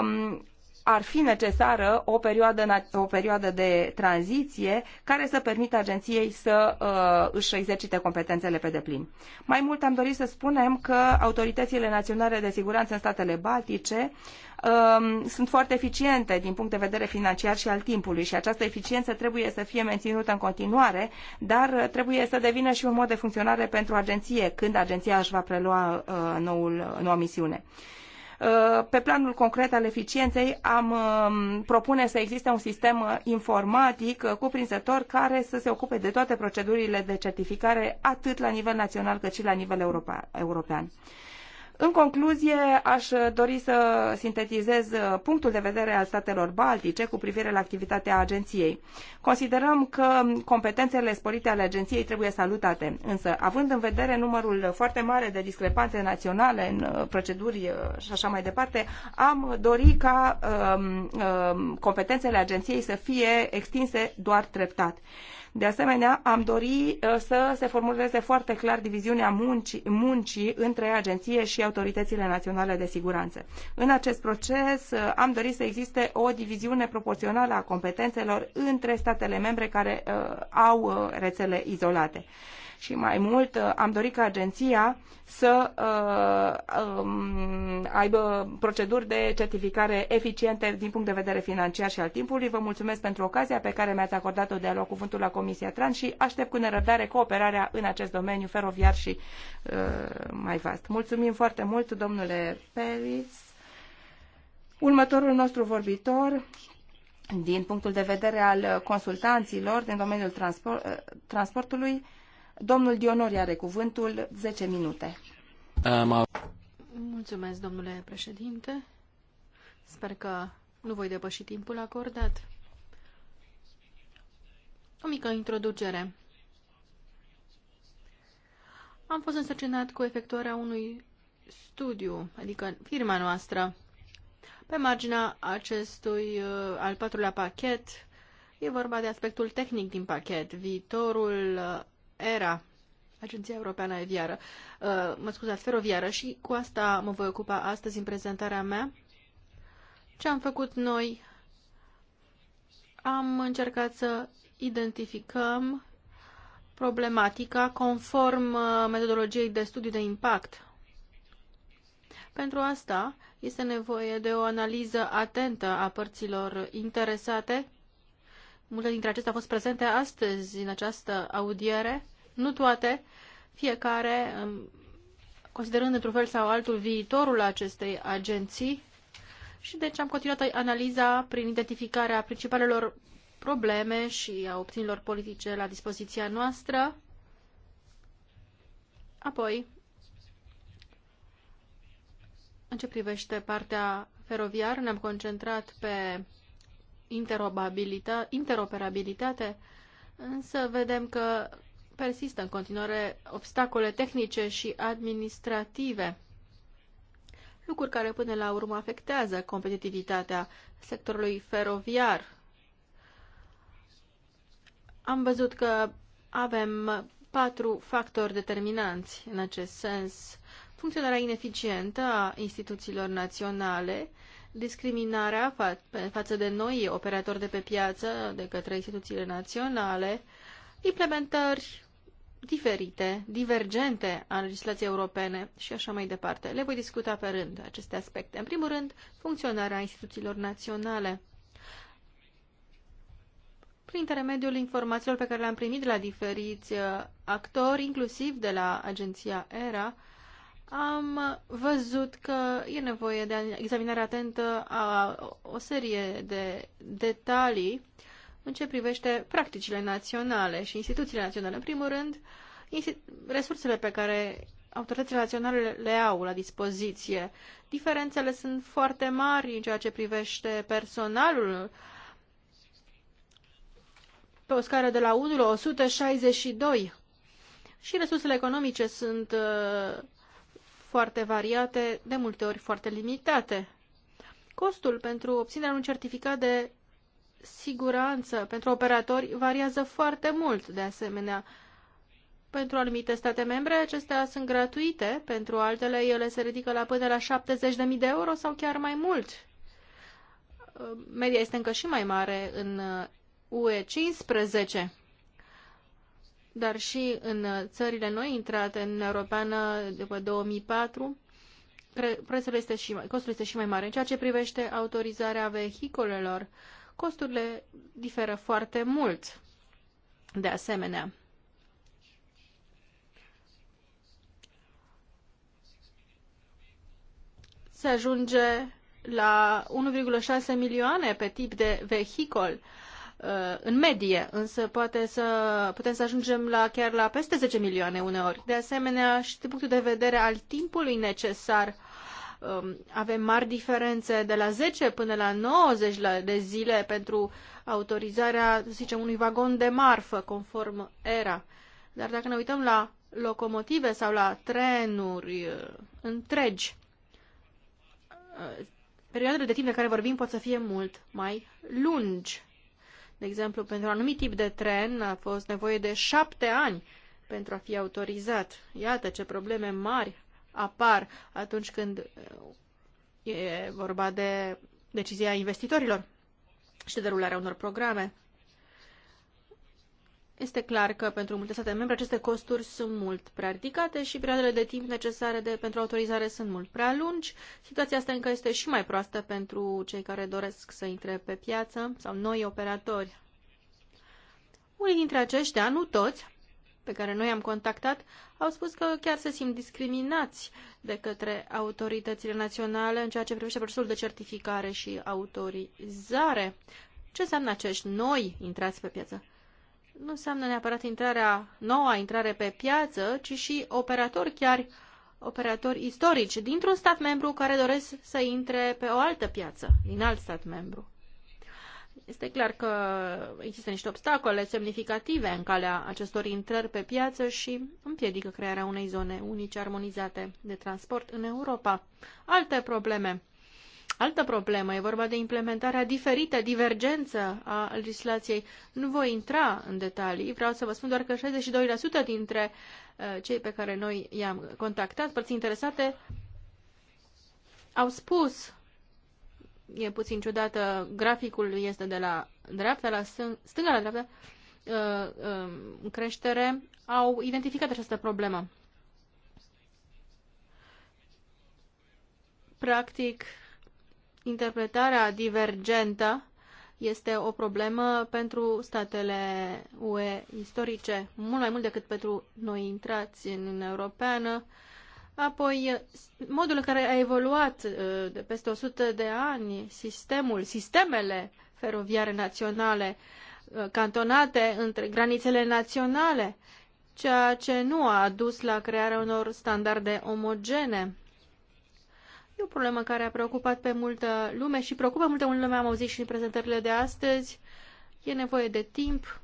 um, ar fi necesară o perioadă, o perioadă de tranziție care să permită agenției să uh, își exercite competențele pe deplin. Mai mult am dorit să spunem că autoritățile naționale de siguranță în statele baltice um, sunt foarte eficiente din punct de vedere financiar și al timpului și această eficiență trebuie să fie menținută în continuare, dar trebuie să devină și un mod de funcționare pentru agenție când agenția își va prelua uh, noul, noua misiune. Uh, pe planul concret al eficienței am um, propune să existe un sistem uh, informatic uh, cuprinzător care să se ocupe de toate procedurile de certificare atât la nivel național cât și la nivel european. În concluzie, aș dori să sintetizez punctul de vedere al statelor baltice cu privire la activitatea agenției. Considerăm că competențele sporite ale agenției trebuie salutate, însă, având în vedere numărul foarte mare de discrepanțe naționale în uh, proceduri uh, și așa mai departe, am dori ca um, um, competențele agenției să fie extinse doar treptat. De asemenea, am dori uh, să se formuleze foarte clar diviziunea muncii, muncii între agenție și autoritățile naționale de siguranță. În acest proces uh, am dorit să existe o diviziune proporțională a competențelor între statele membre care uh, au rețele izolate și mai mult uh, am dorit ca agenția să uh, um, aibă proceduri de certificare eficiente din punct de vedere financiar și al timpului. Vă mulțumesc pentru ocazia pe care mi-ați acordat-o de a lua cuvântul la Comisia Tran și aștept cu nerăbdare cooperarea în acest domeniu feroviar și uh, mai vast. Mulțumim foarte mult, domnule Peris. Următorul nostru vorbitor, din punctul de vedere al consultanților din domeniul transport, transportului, Domnul Dionori are cuvântul, 10 minute. Mulțumesc, domnule președinte. Sper că nu voi depăși timpul acordat. O mică introducere. Am fost însărcinat cu efectuarea unui studiu, adică firma noastră. Pe marginea acestui uh, al patrulea pachet, e vorba de aspectul tehnic din pachet, viitorul uh, ERA, Agenția Europeană Aviară, uh, mă scuzați, feroviară și cu asta mă voi ocupa astăzi în prezentarea mea. Ce am făcut noi? Am încercat să identificăm problematica conform uh, metodologiei de studiu de impact. Pentru asta este nevoie de o analiză atentă a părților interesate. Multe dintre acestea au fost prezente astăzi în această audiere nu toate, fiecare, um, considerând într-un fel sau altul viitorul acestei agenții, și deci am continuat analiza prin identificarea principalelor probleme și a opțiunilor politice la dispoziția noastră. Apoi, în ce privește partea feroviară, ne-am concentrat pe interoperabilitate, însă vedem că persistă în continuare obstacole tehnice și administrative, lucruri care până la urmă afectează competitivitatea sectorului feroviar. Am văzut că avem patru factori determinanți în acest sens. Funcționarea ineficientă a instituțiilor naționale, discriminarea fa față de noi operatori de pe piață de către instituțiile naționale, implementări diferite, divergente a legislației europene și așa mai departe. Le voi discuta pe rând aceste aspecte. În primul rând, funcționarea instituțiilor naționale. Prin intermediul informațiilor pe care le-am primit de la diferiți uh, actori, inclusiv de la agenția ERA, am văzut că e nevoie de examinare atentă uh, a o serie de detalii uh, în ce privește practicile naționale și instituțiile naționale. În primul rând, resursele pe care autoritățile naționale le au la dispoziție. Diferențele sunt foarte mari în ceea ce privește personalul pe o scară de la 1 la 162 și resursele economice sunt uh, foarte variate, de multe ori foarte limitate. Costul pentru obținerea unui certificat de siguranță pentru operatori variază foarte mult, de asemenea. Pentru anumite state membre, acestea sunt gratuite, pentru altele ele se ridică la până la 70.000 de euro sau chiar mai mult. Media este încă și mai mare în UE uh, 15, dar și în uh, țările noi intrate în Europeană după 2004, prețul este și mai, costul este și mai mare. În ceea ce privește autorizarea vehiculelor, uh, costurile diferă foarte mult. De asemenea, se ajunge la 1,6 milioane pe tip de vehicol uh, în medie, însă poate să putem să ajungem la chiar la peste 10 milioane uneori. De asemenea, și din punctul de vedere al timpului necesar uh, Um, avem mari diferențe de la 10 până la 90 de zile pentru autorizarea, să zicem, unui vagon de marfă, conform ERA. Dar dacă ne uităm la locomotive sau la trenuri uh, întregi, uh, perioadele de timp de care vorbim pot să fie mult mai lungi. De exemplu, pentru un anumit tip de tren a fost nevoie de șapte ani pentru a fi autorizat. Iată ce probleme mari apar atunci când e vorba de decizia investitorilor și de derularea unor programe. Este clar că pentru multe state membre aceste costuri sunt mult prea ridicate și perioadele de timp necesare de, pentru autorizare sunt mult prea lungi. Situația asta încă este și mai proastă pentru cei care doresc să intre pe piață sau noi operatori. Unii dintre aceștia, nu toți, pe care noi am contactat au spus că chiar se simt discriminați de către autoritățile naționale în ceea ce privește procesul de certificare și autorizare. Ce înseamnă acești noi intrați pe piață? Nu înseamnă neapărat intrarea noua intrare pe piață, ci și operatori chiar operatori istorici dintr-un stat membru care doresc să intre pe o altă piață, din alt stat membru. Este clar că există niște obstacole semnificative în calea acestor intrări pe piață și împiedică crearea unei zone unice armonizate de transport în Europa. Alte probleme. Altă problemă e vorba de implementarea diferită, divergență a legislației. Nu voi intra în detalii, vreau să vă spun doar că 62% dintre uh, cei pe care noi i-am contactat, părți interesate, au spus e puțin ciudată, graficul este de la dreapta la stânga la dreapta, uh, um, în creștere, au identificat această problemă. Practic, interpretarea divergentă este o problemă pentru statele UE istorice, mult mai mult decât pentru noi intrați în Uniunea Europeană. Uh, Apoi, modul în care a evoluat uh, de peste 100 de ani sistemul, sistemele feroviare naționale uh, cantonate între granițele naționale, ceea ce nu a dus la crearea unor standarde omogene. E o problemă care a preocupat pe multă lume și preocupă multă lume, am auzit și în prezentările de astăzi. E nevoie de timp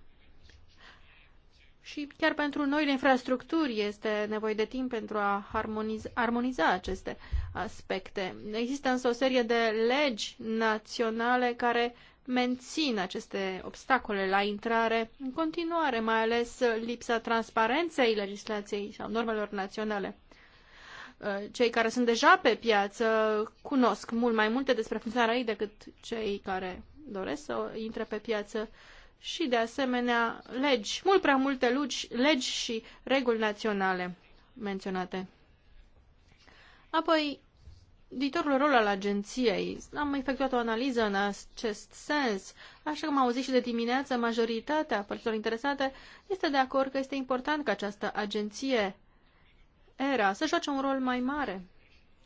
și chiar pentru noile infrastructuri este nevoie de timp pentru a armoniza, armoniza aceste aspecte. Există însă o serie de legi naționale care mențin aceste obstacole la intrare în continuare, mai ales lipsa transparenței legislației sau normelor naționale. Uh, cei care sunt deja pe piață cunosc mult mai multe despre funcționarea ei decât cei care doresc să intre pe piață și, de asemenea, legi, mult prea multe legi, legi și reguli naționale menționate. Apoi, viitorul rol al agenției. Am efectuat o analiză în acest sens. Așa cum am auzit și de dimineață, majoritatea părților interesate este de acord că este important ca această agenție ERA să joace un rol mai mare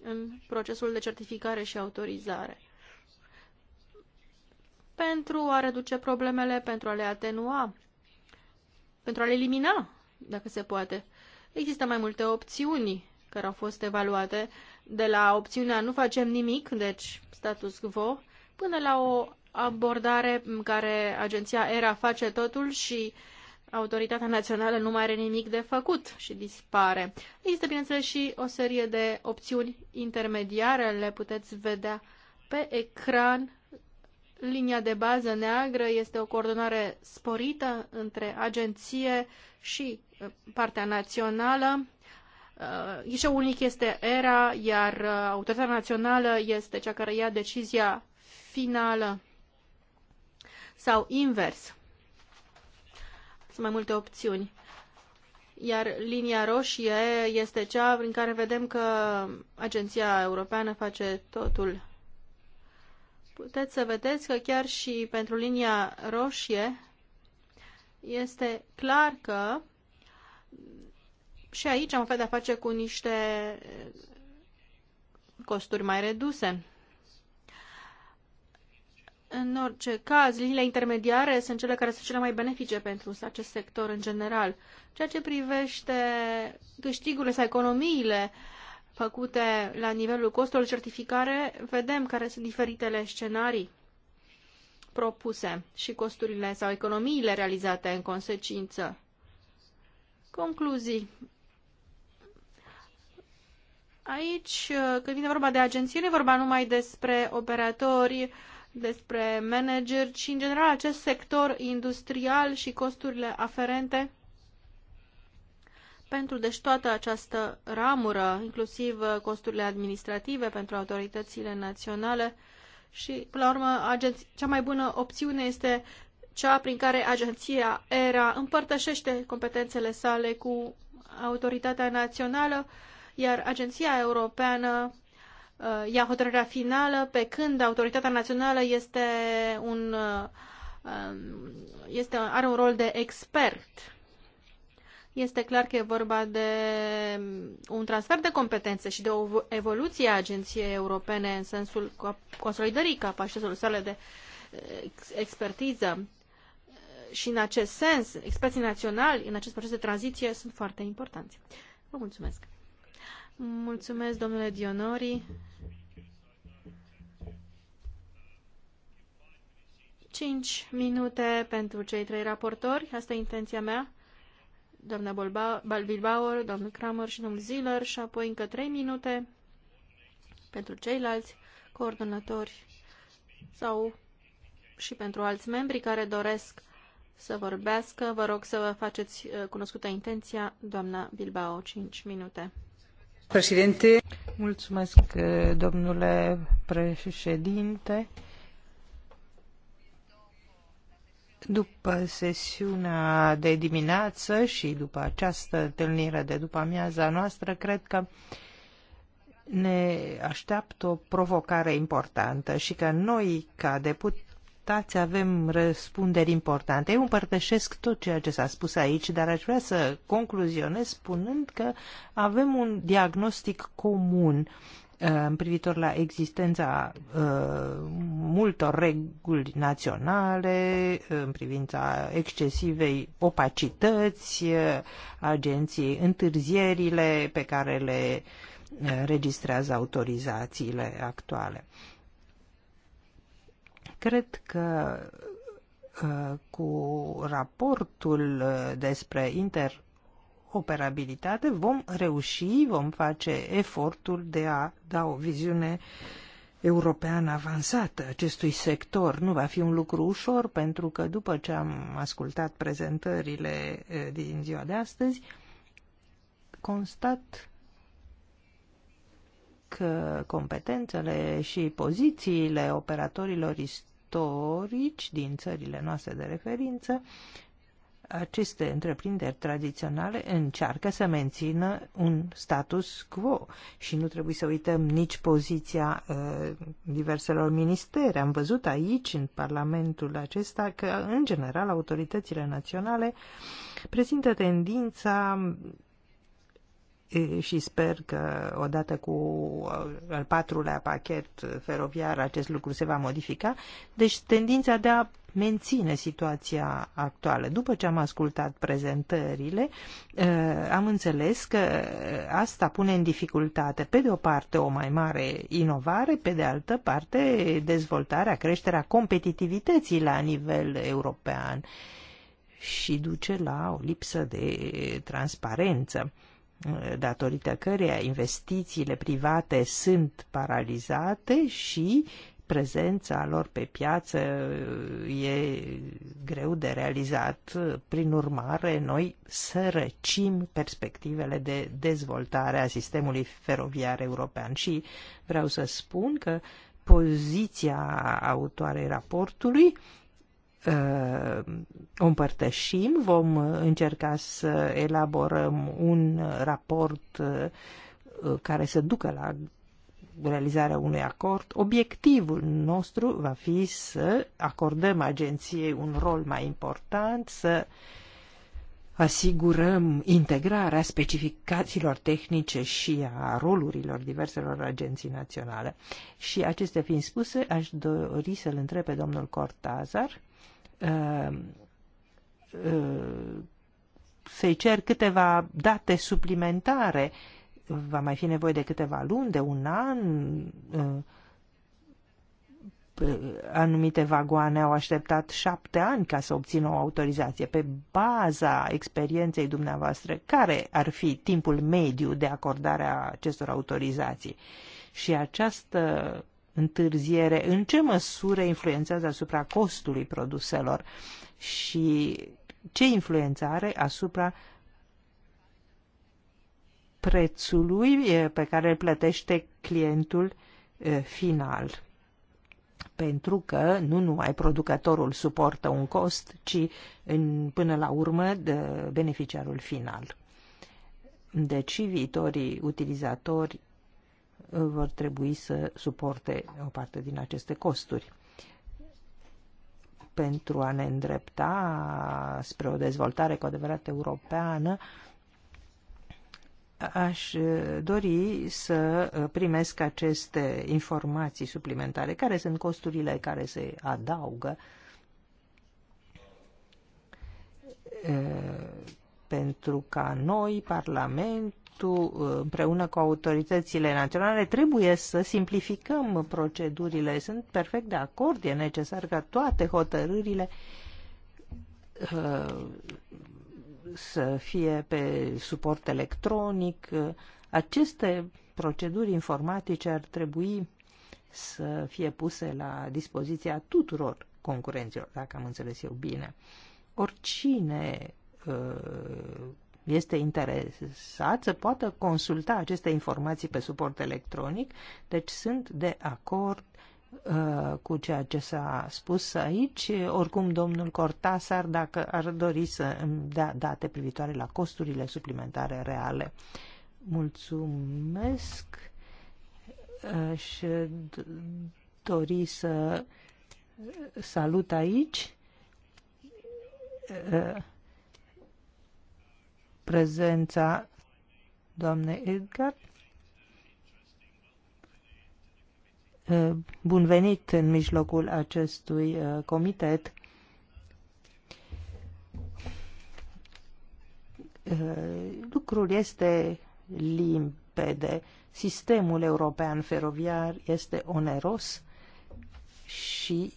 în procesul de certificare și autorizare pentru a reduce problemele, pentru a le atenua, pentru a le elimina, dacă se poate. Există mai multe opțiuni care au fost evaluate, de la opțiunea nu facem nimic, deci status quo, până la o abordare în care agenția ERA face totul și autoritatea națională nu mai are nimic de făcut și dispare. Există, bineînțeles, și o serie de opțiuni intermediare, le puteți vedea pe ecran Linia de bază neagră este o coordonare sporită între agenție și uh, partea națională. Uh, ghișeul unic este ERA, iar uh, autoritatea națională este cea care ia decizia finală sau invers. Sunt mai multe opțiuni. Iar linia roșie este cea prin care vedem că Agenția Europeană face totul puteți să vedeți că chiar și pentru linia roșie este clar că și aici am făcut de-a face cu niște costuri mai reduse. În orice caz, liniile intermediare sunt cele care sunt cele mai benefice pentru acest sector în general. Ceea ce privește câștigurile sau economiile uh, făcute la nivelul costurilor certificare, vedem care sunt diferitele scenarii propuse și costurile sau economiile realizate în consecință. Concluzii. Aici, când vine vorba de agenții, nu e vorba numai despre operatori, despre manageri, ci în general acest sector industrial și costurile aferente pentru deci toată această ramură, inclusiv uh, costurile administrative pentru autoritățile naționale și, până la urmă, agenț- cea mai bună opțiune este cea prin care agenția ERA împărtășește competențele sale cu autoritatea națională, iar agenția europeană uh, ia hotărârea finală pe când autoritatea națională este un, uh, um, este, are un rol de expert este clar că e vorba de un transfer de competențe și de o evoluție a Agenției Europene în sensul consolidării capacităților sale de eh, expertiză. Și în acest sens, experții naționali în acest proces de tranziție sunt foarte importanți. Vă mulțumesc! Mulțumesc, domnule Dionori. Cinci minute pentru cei trei raportori. Asta e intenția mea doamna Balbilbauer, doamna Kramer și domnul Ziller și apoi încă trei minute pentru ceilalți coordonatori sau și pentru alți membri care doresc să vorbească. Vă rog să vă faceți uh, cunoscută intenția, doamna Bilbao, 5 minute. Președinte. Mulțumesc, uh, domnule președinte. După sesiunea de dimineață și după această întâlnire de după amiaza noastră, cred că ne așteaptă o provocare importantă și că noi, ca deputați, avem răspunderi importante. Eu împărtășesc tot ceea ce s-a spus aici, dar aș vrea să concluzionez spunând că avem un diagnostic comun Uh, privitor la existența uh, multor reguli naționale, uh, în privința excesivei opacități agenției, întârzierile pe care le registrează autorizațiile actuale. Cred că cu raportul despre inter operabilitate, vom reuși, vom face efortul de a da o viziune europeană avansată acestui sector. Nu va fi un lucru ușor, pentru că după ce am ascultat prezentările din ziua de astăzi, constat că competențele și pozițiile operatorilor istorici din țările noastre de referință aceste întreprinderi tradiționale încearcă să mențină un status quo și nu trebuie să uităm nici poziția uh, diverselor ministere. Am văzut aici, în Parlamentul acesta, că, în general, autoritățile naționale prezintă tendința uh, și sper că odată cu uh, al patrulea pachet uh, feroviar acest lucru se va modifica. Deci tendința de a menține situația actuală. După ce am ascultat prezentările, eh, am înțeles că asta pune în dificultate, pe de o parte, o mai mare inovare, pe de altă parte, dezvoltarea, creșterea competitivității la nivel european și duce la o lipsă de transparență eh, datorită căreia investițiile private sunt paralizate și prezența lor pe piață e greu de realizat. Prin urmare, noi sărăcim perspectivele de dezvoltare a sistemului feroviar european și vreau să spun că poziția autoarei raportului uh, o împărtășim, vom încerca să elaborăm un raport uh, care să ducă la realizarea unui acord, obiectivul nostru va fi să acordăm agenției un rol mai important, să asigurăm integrarea specificațiilor tehnice și a rolurilor diverselor agenții naționale. Și acestea fiind spuse, aș dori să-l întreb pe domnul Cortazar uh, uh, să-i cer câteva date suplimentare uh, va mai fi nevoie de câteva luni, de un an, uh, uh, anumite vagoane au așteptat șapte ani ca să obțină o autorizație. Pe baza experienței dumneavoastră, care ar fi timpul mediu de acordare a acestor autorizații? Și această întârziere, în ce măsură influențează asupra costului produselor și ce influențare asupra uh, prețului pe care îl plătește clientul final. Pentru că nu numai producătorul suportă un cost, ci în, până la urmă de beneficiarul final. Deci viitorii utilizatori vor trebui să suporte o parte din aceste costuri pentru a ne îndrepta spre o dezvoltare cu adevărat europeană, aș uh, dori să uh, primesc aceste informații suplimentare. Care sunt costurile care se adaugă uh, pentru ca noi, Parlamentul, împreună cu autoritățile naționale, trebuie să simplificăm procedurile. Sunt perfect de acord, e necesar ca toate hotărârile să fie pe suport electronic. Aceste proceduri informatice ar trebui să fie puse la dispoziția tuturor concurenților, dacă am înțeles eu bine. Oricine uh, este interesat să poată consulta aceste informații pe suport electronic, deci sunt de acord Uh, cu ceea ce s-a spus aici. Oricum, domnul Cortasar, dacă ar dori să îmi dea date privitoare la costurile suplimentare reale. Mulțumesc și dori să salut aici uh, prezența doamnei Edgar Uh, bun venit în mijlocul acestui uh, comitet. Uh, lucrul este limpede. Sistemul european feroviar este oneros și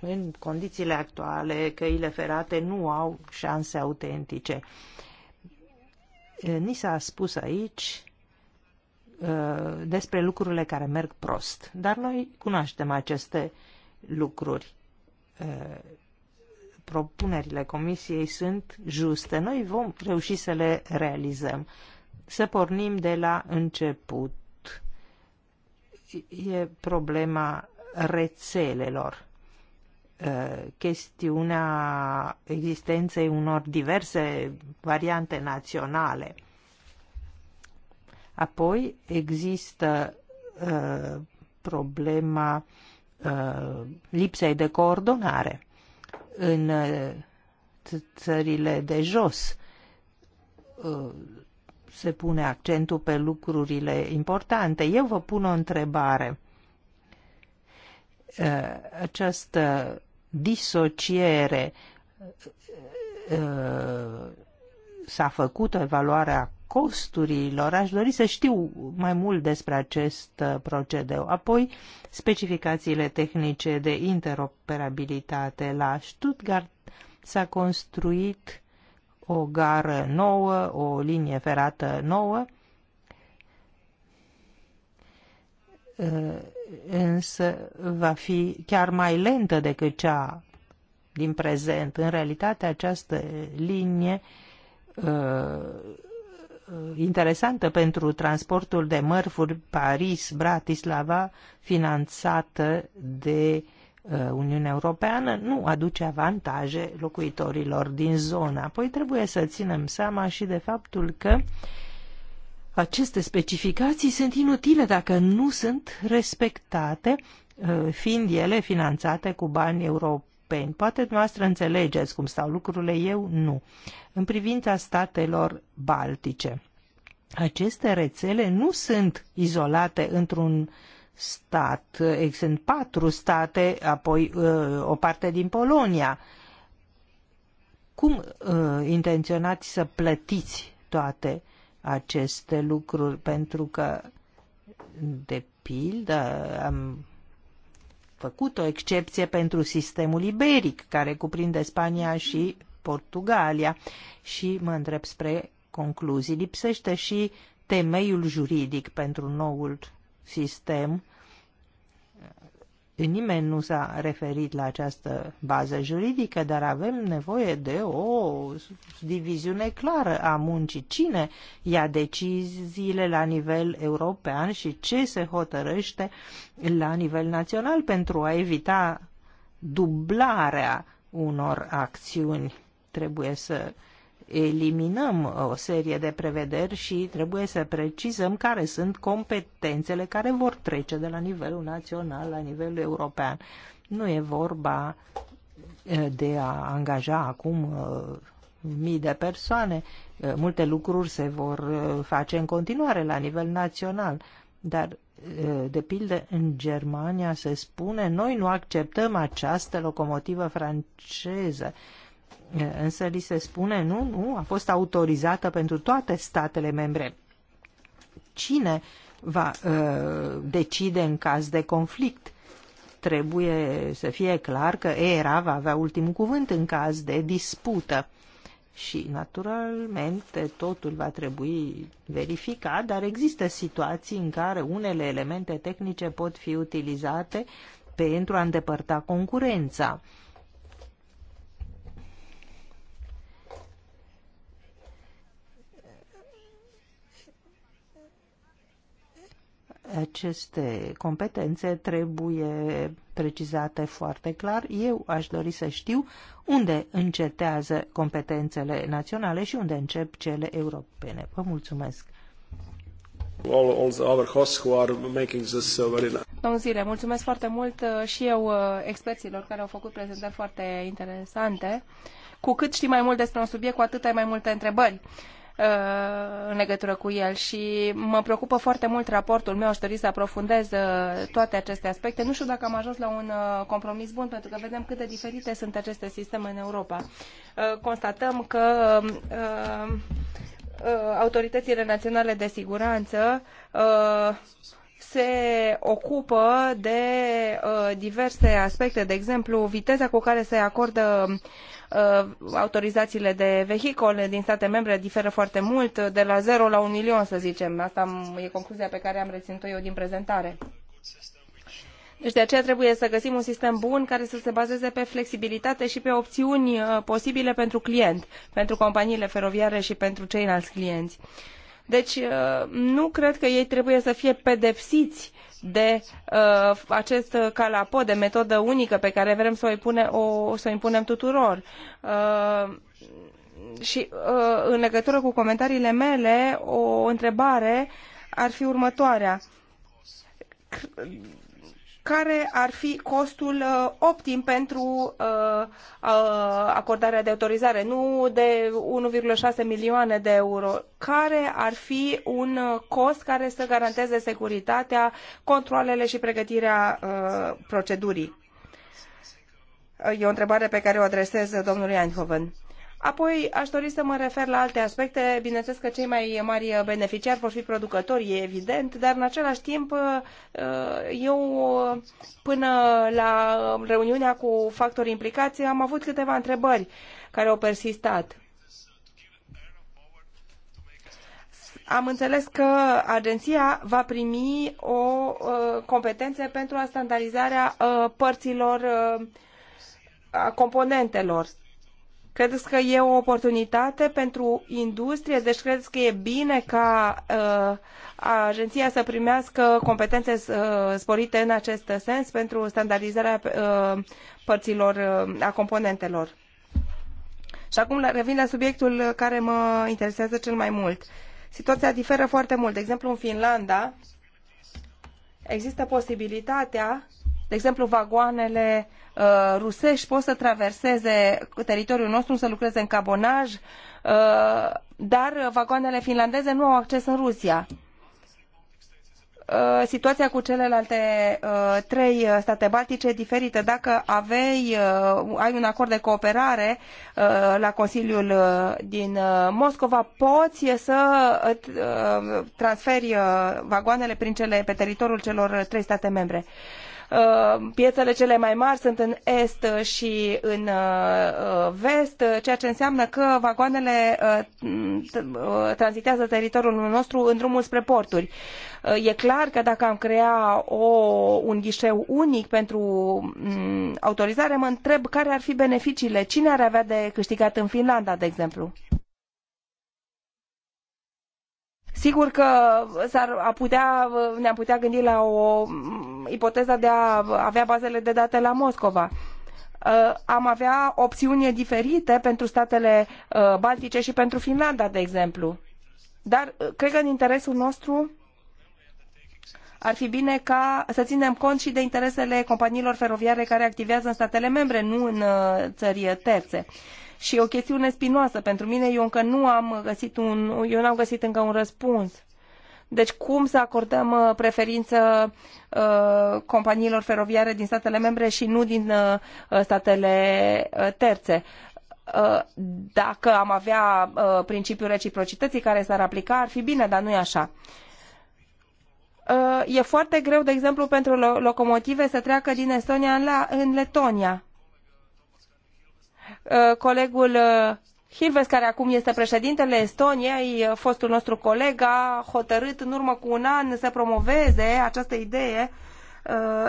în condițiile actuale căile ferate nu au șanse autentice. Ni s-a spus aici Uh, despre lucrurile care merg prost. Dar noi cunoaștem aceste lucruri. Uh, propunerile comisiei sunt juste. Noi vom reuși să le realizăm. Să pornim de la început. E problema rețelelor uh, chestiunea existenței unor diverse variante naționale – Apoi există uh, problema uh, lipsei de coordonare în uh, țările de jos. Uh, se pune accentul pe lucrurile importante. Eu vă pun o întrebare. Uh, această disociere uh, s-a făcut o evaluare a costurilor. Aș dori să știu mai mult despre acest uh, procedeu. Apoi, specificațiile tehnice de interoperabilitate. La Stuttgart s-a construit o gară nouă, o linie ferată nouă, uh, însă va fi chiar mai lentă decât cea din prezent. În realitate, această linie uh, Uh, interesantă pentru transportul de mărfuri Paris-Bratislava, finanțată de uh, Uniunea Europeană, nu aduce avantaje locuitorilor din zona. Apoi trebuie să ținem seama și de faptul că aceste specificații sunt inutile dacă nu sunt respectate, uh, fiind ele finanțate cu bani europeni europeni. Poate dumneavoastră înțelegeți cum stau lucrurile, eu nu. În privința statelor baltice, aceste rețele nu sunt izolate într-un stat. Sunt patru state, apoi uh, o parte din Polonia. Cum uh, intenționați să plătiți toate aceste lucruri? Pentru că, de pildă, am făcut o excepție pentru sistemul iberic, care cuprinde Spania și Portugalia. Și mă întreb spre concluzii. Lipsește și temeiul juridic pentru noul sistem Nimeni nu s-a referit la această bază juridică, dar avem nevoie de o diviziune clară a muncii. Cine ia deciziile la nivel european și ce se hotărăște la nivel național pentru a evita dublarea unor acțiuni? Trebuie să uh, eliminăm uh, o serie de prevederi și trebuie să precizăm care sunt competențele care vor trece de la nivelul național la nivelul european. Nu e vorba uh, de a angaja acum uh, mii de persoane. Multe lucruri se vor face în continuare la nivel național, dar de pildă în Germania se spune noi nu acceptăm această locomotivă franceză Însă li se spune, nu, nu, a fost autorizată pentru toate statele membre. Cine va uh, decide în caz de conflict? Trebuie să fie clar că ERA va avea ultimul cuvânt în caz de dispută. Și, naturalmente, totul va trebui verificat, dar există situații în care unele elemente tehnice pot fi utilizate pentru a îndepărta concurența. Uh, Aceste competențe trebuie precizate foarte clar. Eu aș dori să știu unde încetează competențele naționale și unde încep cele europene. Vă mulțumesc! All, all other hosts who are making this uh, very nice. Domnul Zile, mulțumesc foarte mult uh, și eu uh, experților care au făcut prezentări foarte interesante. Cu cât știi mai mult despre un subiect, cu atât ai mai multe întrebări. Uh, în legătură cu el și mă preocupă foarte mult raportul meu, aș dori să aprofundez uh, toate aceste aspecte. Nu știu dacă am ajuns la un uh, compromis bun, pentru că vedem cât de diferite sunt aceste sisteme în Europa. Constatăm că um, autoritățile naționale de siguranță se ocupă de uh, diverse aspecte, de exemplu viteza cu care se acordă uh, autorizațiile de vehicole din state membre diferă foarte mult, de la zero la un milion să zicem. Asta e concluzia pe care am reținut-o eu din prezentare. Deci de aceea trebuie să găsim un sistem bun care să se bazeze pe flexibilitate și pe opțiuni uh, posibile pentru client, pentru companiile feroviare și pentru ceilalți clienți. Uh, deci uh, nu cred că ei trebuie să fie pedepsiți de uh, acest calapod, de metodă unică pe care vrem să o, impune, o, să o impunem tuturor. Uh, și uh, în legătură cu comentariile mele, o întrebare ar fi următoarea. C care ar fi costul uh, optim pentru uh, uh, acordarea de autorizare, nu de 1,6 milioane de euro, care ar fi un cost care să garanteze securitatea, controlele și pregătirea procedurii. E o întrebare pe care o adresez domnului Eindhoven. Apoi aș dori să mă refer la alte aspecte. Bineînțeles că cei mai mari beneficiari vor fi producătorii, evident, dar în același timp uh, eu până la reuniunea cu factorii implicați am avut câteva întrebări care au persistat. Am înțeles că agenția va primi o uh, competență pentru a standardizarea uh, părților a componentelor Credeți că e o oportunitate pentru industrie? Deci credeți că e bine ca uh, agenția să primească competențe uh, sporite în acest sens pentru standardizarea uh, părților, uh, a componentelor? Și acum revin la subiectul care mă interesează cel mai mult. Situația diferă foarte mult. De exemplu, în Finlanda există posibilitatea de exemplu, vagoanele uh, rusești pot să traverseze teritoriul nostru, să lucreze în cabonaj, uh, dar vagoanele finlandeze nu au acces în Rusia. Uh, situația cu celelalte uh, trei uh, state baltice e diferită. Dacă avei, uh, ai un acord de cooperare uh, la Consiliul din Moscova, poți să transferi vagoanele prin cele, pe teritoriul celor trei state membre. Uh, Uh, piețele cele mai mari sunt în est și în uh, uh, vest, ceea ce înseamnă că vagoanele tranzitează teritoriul nostru în drumul spre porturi. E clar că dacă am crea o, un ghișeu unic pentru mm, autorizare, mă întreb care ar fi beneficiile, cine ar avea de câștigat în Finlanda, de exemplu. Sigur că s-ar putea, ne-am putea gândi la o mm, ipoteză de a avea bazele de date la Moscova uh, am avea opțiuni diferite pentru statele uh, baltice și pentru Finlanda, de exemplu. Dar uh, cred că în interesul nostru ar fi bine ca să ținem cont și de interesele companiilor feroviare care activează în statele membre, nu în țări terțe. Uh, și e o chestiune spinoasă pentru mine. Eu încă nu am găsit un, eu n-am găsit încă un răspuns. Deci cum să acordăm uh, preferință uh, companiilor feroviare din statele membre și nu din uh, uh statele uh, terțe? Uh, dacă am avea principiul reciprocității care s-ar aplica, ar fi bine, dar nu e așa. E foarte greu, de exemplu, pentru locomotive să treacă din Estonia în, în Letonia Uh, colegul uh, Hilves, care acum este președintele Estoniei, uh, fostul nostru coleg, a hotărât în urmă cu un an să promoveze această idee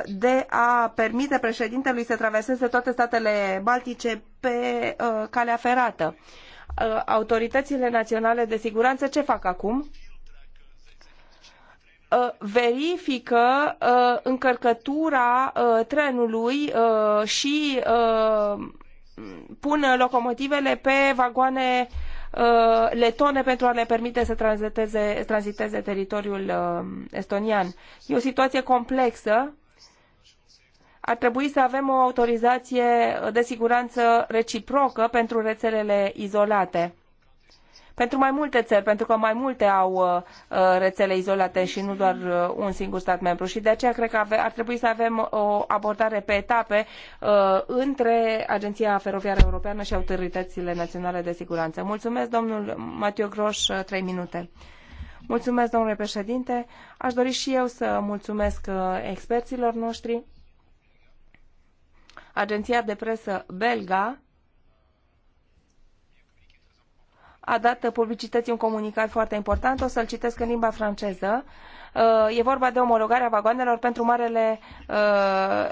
de a permite președintelui să traverseze toate statele baltice pe calea ferată. Autoritățile naționale de siguranță ce fac acum? verifică încărcătura trenului și pun locomotivele pe vagoane uh, letone pentru a le permite să tranziteze, tranziteze teritoriul uh, estonian. E o situație complexă. Ar trebui să avem o autorizație de siguranță reciprocă pentru rețelele izolate pentru mai multe țări, pentru că mai multe au uh, uh, rețele izolate și nu doar uh, un singur stat membru. Și de aceea cred că ar trebui să avem o abordare pe etape între Agenția Feroviară Europeană și autoritățile naționale de siguranță. Mulțumesc, domnul Matiu Groș, trei minute. Mulțumesc, domnule președinte. Aș dori și eu să mulțumesc experților noștri. Agenția de presă belga a dat publicității un comunicat foarte important, o să-l citesc în limba franceză. Uh, e vorba de omologarea vagoanelor pentru marele uh,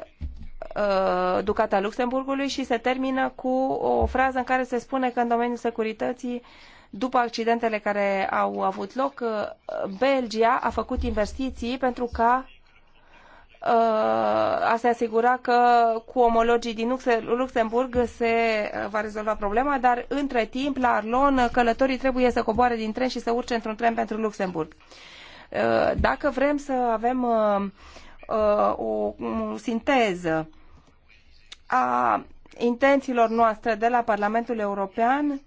uh, Ducata Luxemburgului și se termină cu o frază în care se spune că în domeniul securității după accidentele care au avut loc, Belgia a făcut investiții pentru ca Uh, a se asigura că cu omologii din Luxemburg se uh, va rezolva problema, dar între timp, la Arlon, călătorii trebuie să coboare din tren și să urce într-un tren pentru Luxemburg. Uh, dacă vrem să avem o sinteză a intențiilor noastre de la Parlamentul European,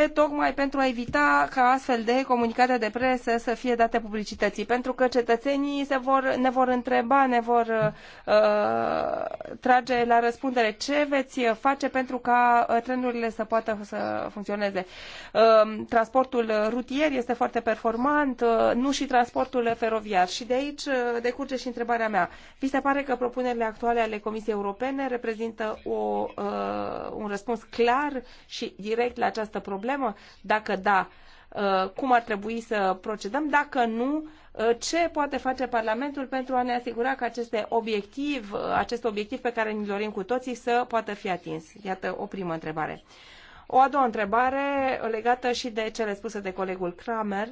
e tocmai pentru a evita ca astfel de comunicate de presă să fie date publicității, pentru că cetățenii se vor, ne vor întreba, ne vor uh, trage la răspundere ce veți face pentru ca uh, trenurile să poată să funcționeze. Uh, transportul rutier este foarte performant, uh, nu și transportul feroviar. Și de aici uh, decurge și întrebarea mea. Vi se pare că propunerile actuale ale Comisiei Europene reprezintă o, uh, un răspuns clar și direct la această problemă? Dacă da, uh, cum ar trebui să procedăm? Dacă nu, uh, ce poate face Parlamentul pentru a ne asigura că aceste obiectiv, uh, acest obiectiv pe care ne dorim cu toții să poată fi atins? Iată o primă întrebare. O a doua întrebare legată și de cele spuse de colegul Kramer.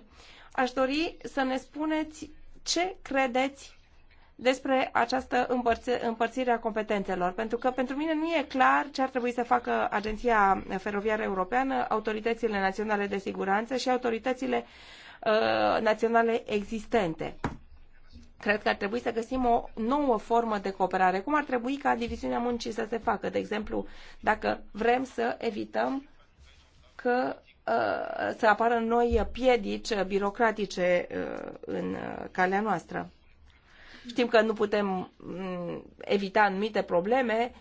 Aș dori să ne spuneți ce credeți despre această împărțire a competențelor, pentru că pentru mine nu e clar ce ar trebui să facă Agenția Feroviară Europeană, autoritățile naționale de siguranță și autoritățile uh, naționale existente. Cred că ar trebui să găsim o nouă formă de cooperare. Cum ar trebui ca diviziunea muncii să se facă? De exemplu, dacă vrem să evităm că uh, să apară noi piedici birocratice uh, în uh, calea noastră. Știm că nu putem mm, evita anumite probleme,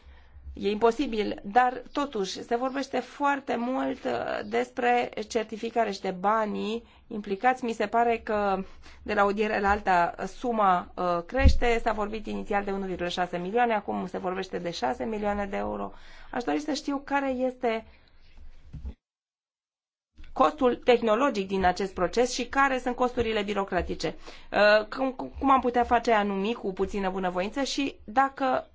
e imposibil, dar totuși se vorbește foarte mult uh, despre certificare și de banii implicați. Mi se pare că de la o diere la alta uh, suma uh, crește, s-a vorbit inițial de 1,6 milioane, acum se vorbește de 6 milioane de euro. Aș dori să știu care este uh, costul tehnologic din acest proces și care sunt costurile birocratice. Uh, cum am putea face anumit cu puțină bunăvoință și dacă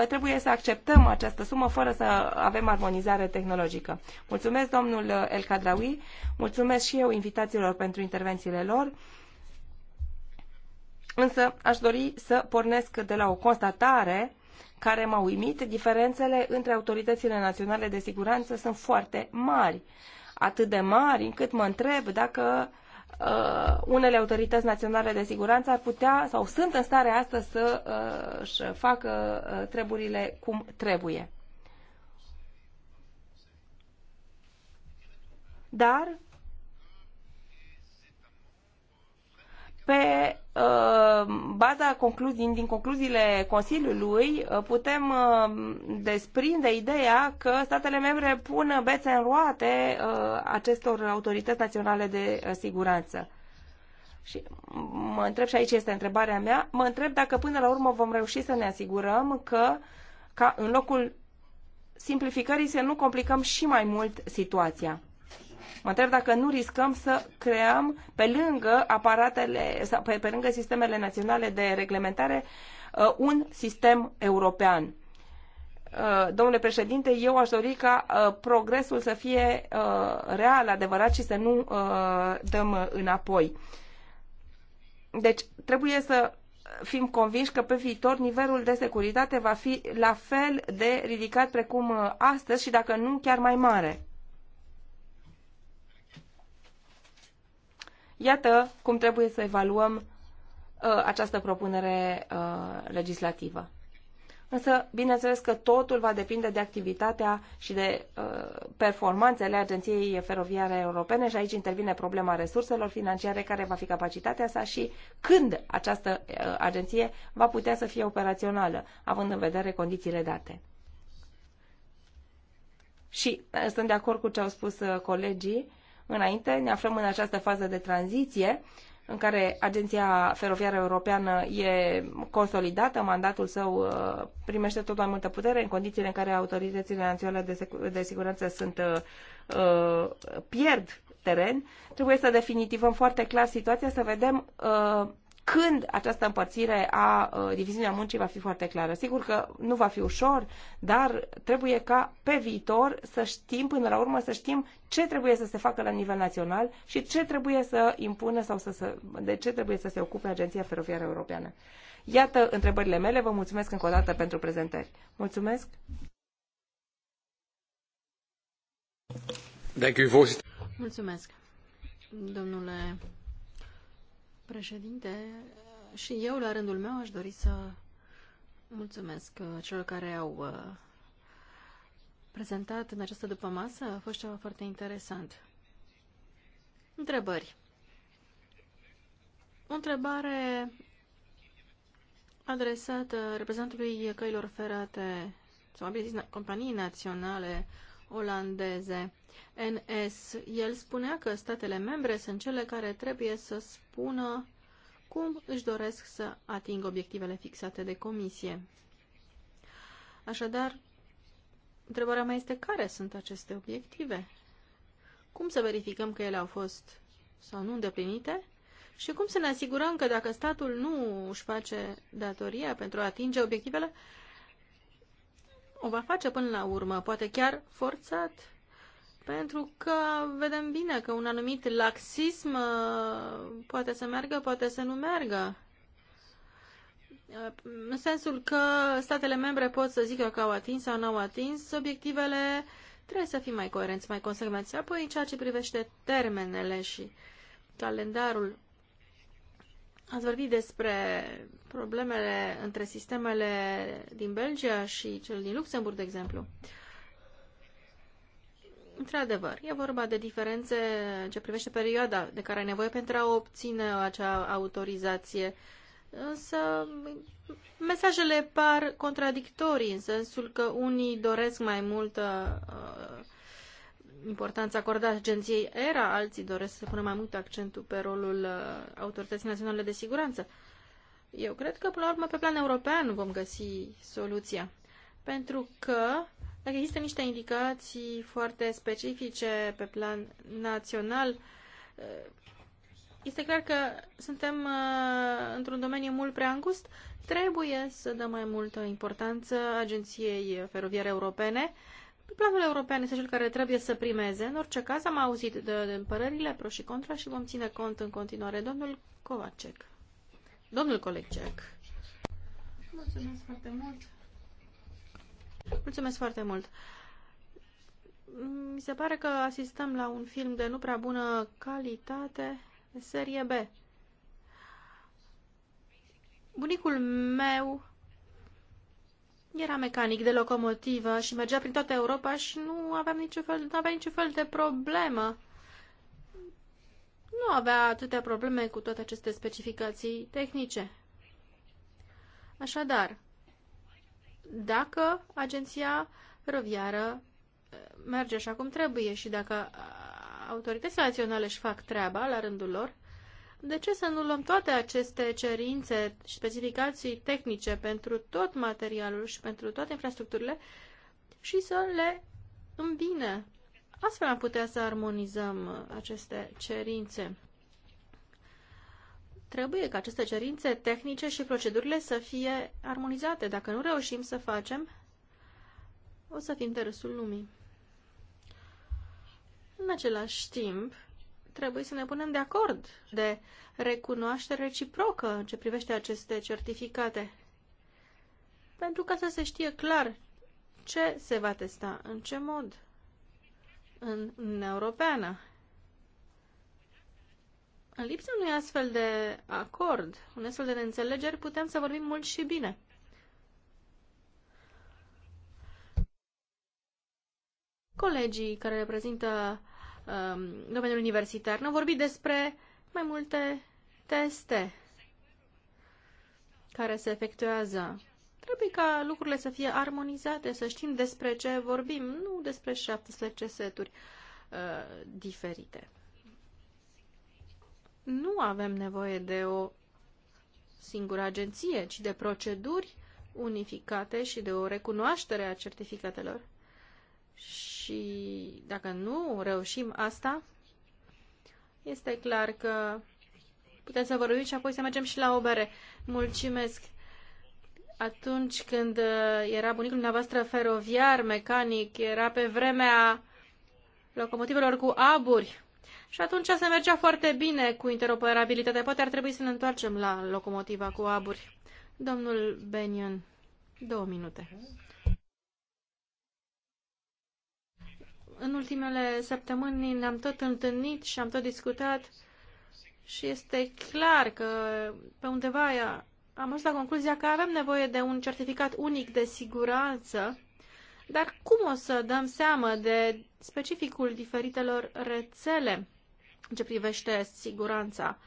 uh, trebuie să acceptăm această sumă fără să avem armonizare tehnologică. Mulțumesc, domnul El Cadraui, mulțumesc și eu invitațiilor pentru intervențiile lor, însă aș dori să pornesc de la o constatare care m-a uimit, diferențele între autoritățile naționale de siguranță sunt foarte mari. Uh, atât de mari încât mă întreb dacă uh, unele autorități naționale de siguranță ar putea sau sunt în stare astăzi să uh, își facă uh, treburile cum trebuie. Dar pe uh, baza concluzii, din concluziile Consiliului uh, putem uh, desprinde ideea că statele membre pun bețe în roate acestor autorități naționale de siguranță. Și mă întreb și aici este întrebarea mea, mă întreb dacă până la urmă vom reuși să ne asigurăm că ca în locul simplificării să nu complicăm și mai mult situația. Mă întreb dacă nu riscăm să creăm pe lângă aparatele, sau pe, pe lângă sistemele naționale de reglementare, uh, un sistem european uh, domnule președinte, eu aș dori ca uh, progresul să fie real, adevărat și să nu dăm înapoi. Deci trebuie să fim convinși că pe viitor nivelul de securitate va fi la fel de ridicat precum astăzi și dacă nu chiar mai mare. Iată cum trebuie să evaluăm uh, această propunere uh, legislativă. Însă, bineînțeles că totul va depinde de activitatea și de uh, performanțele Agenției Feroviare Europene și aici intervine problema resurselor financiare, care va fi capacitatea sa și când această uh, agenție va putea să fie operațională, având în vedere condițiile date. Și uh, sunt de acord cu ce au spus uh, colegii, înainte. Ne aflăm în această fază de tranziție în care Agenția Feroviară Europeană e consolidată, mandatul său uh, primește tot mai multă putere în condițiile în care autoritățile naționale de, de siguranță sunt uh, uh, pierd teren. Trebuie să definitivăm foarte clar situația, să vedem uh, când această împărțire a uh, diviziunii a muncii va fi foarte clară. Sigur că nu va fi ușor, dar trebuie ca pe viitor să știm, până la urmă, să știm ce trebuie să se facă la nivel național și ce trebuie să impună sau să, să, de ce trebuie să se ocupe Agenția Feroviară Europeană. Iată întrebările mele. Vă mulțumesc încă o dată pentru prezentări. Mulțumesc! Mulțumesc, domnule președinte. Și eu, la rândul meu, aș dori să mulțumesc uh, celor care au uh, prezentat în această dupămasă. A fost ceva foarte interesant. Întrebări. O întrebare adresată reprezentantului căilor ferate sau companii naționale olandeze, NS. El spunea că statele membre sunt cele care trebuie să spună cum își doresc să atingă obiectivele fixate de comisie. Așadar, întrebarea mea este care sunt aceste obiective? Cum să verificăm că ele au fost sau nu îndeplinite? Și cum să ne asigurăm că dacă statul nu își face datoria pentru a atinge obiectivele, o va face până la urmă, poate chiar forțat, pentru că vedem bine că un anumit laxism uh, poate să meargă, poate să nu meargă. Uh, în sensul că statele membre pot să zică că au atins sau nu au atins obiectivele, trebuie să fim mai coerenți, mai consecvenți. Apoi, în ceea ce privește termenele și calendarul, ați vorbit despre problemele între sistemele din Belgia și cel din Luxemburg, de exemplu. Într-adevăr, e vorba de diferențe ce privește perioada de care ai nevoie pentru a obține acea autorizație. Însă, mesajele par contradictorii, în sensul că unii doresc mai multă uh, importanță acordată agenției ERA, alții doresc să pună mai mult accentul pe rolul uh, Autorității Naționale de Siguranță. Uh, eu cred că, până la urmă, pe plan european vom găsi soluția. Pentru că, dacă există niște indicații foarte specifice pe plan național, este clar că suntem uh, într-un domeniu mult prea îngust. Trebuie să dăm mai multă importanță Agenției Feroviare Europene. Planul european este cel care trebuie să primeze. În orice caz, am auzit de, de părerile pro și contra și vom ține cont în continuare. Domnul Kovacek. Domnul coleg Jack. Mulțumesc foarte mult. Mulțumesc foarte mult. Mi se pare că asistăm la un film de nu prea bună calitate, serie B. Bunicul meu era mecanic de locomotivă și mergea prin toată Europa și nu aveam niciun fel, nu avea niciun fel de problemă nu avea atâtea probleme cu toate aceste specificații tehnice. Așadar, dacă agenția feroviară eh, merge așa cum trebuie și dacă eh, autoritățile naționale își fac treaba la rândul lor, de ce să nu luăm toate aceste cerințe și specificații tehnice pentru tot materialul și pentru toate infrastructurile și să le îmbine Astfel am putea să armonizăm aceste cerințe. Trebuie ca aceste cerințe tehnice și procedurile să fie armonizate. Dacă nu reușim să facem, o să fim terăsul lumii. În același timp, trebuie să ne punem de acord de recunoaștere reciprocă în ce privește aceste certificate. Pentru ca să se știe clar ce se va testa, în ce mod în Uniunea Europeană. În lipsa unui astfel de acord, un astfel de înțelegeri, putem să vorbim mult și bine. Colegii care reprezintă um, domeniul universitar ne-au vorbit despre mai multe teste care se efectuează Trebuie ca lucrurile să fie armonizate, să știm despre ce vorbim, nu despre 17 seturi uh, diferite. Nu avem nevoie de o singură agenție, ci de proceduri unificate și de o recunoaștere a certificatelor. Și dacă nu reușim asta, este clar că putem să vorbim și apoi să mergem și la o bere. Mulțumesc! atunci când uh, era bunicul dumneavoastră feroviar, mecanic, era pe vremea locomotivelor cu aburi. Și atunci se mergea foarte bine cu interoperabilitatea. Poate ar trebui să ne întoarcem la locomotiva cu aburi. Domnul Benion, două minute. În ultimele săptămâni ne-am tot întâlnit și am tot discutat și este clar că pe undeva am ajuns la concluzia că avem nevoie de un certificat unic de siguranță, dar cum o să dăm seama de specificul diferitelor rețele în ce privește siguranța?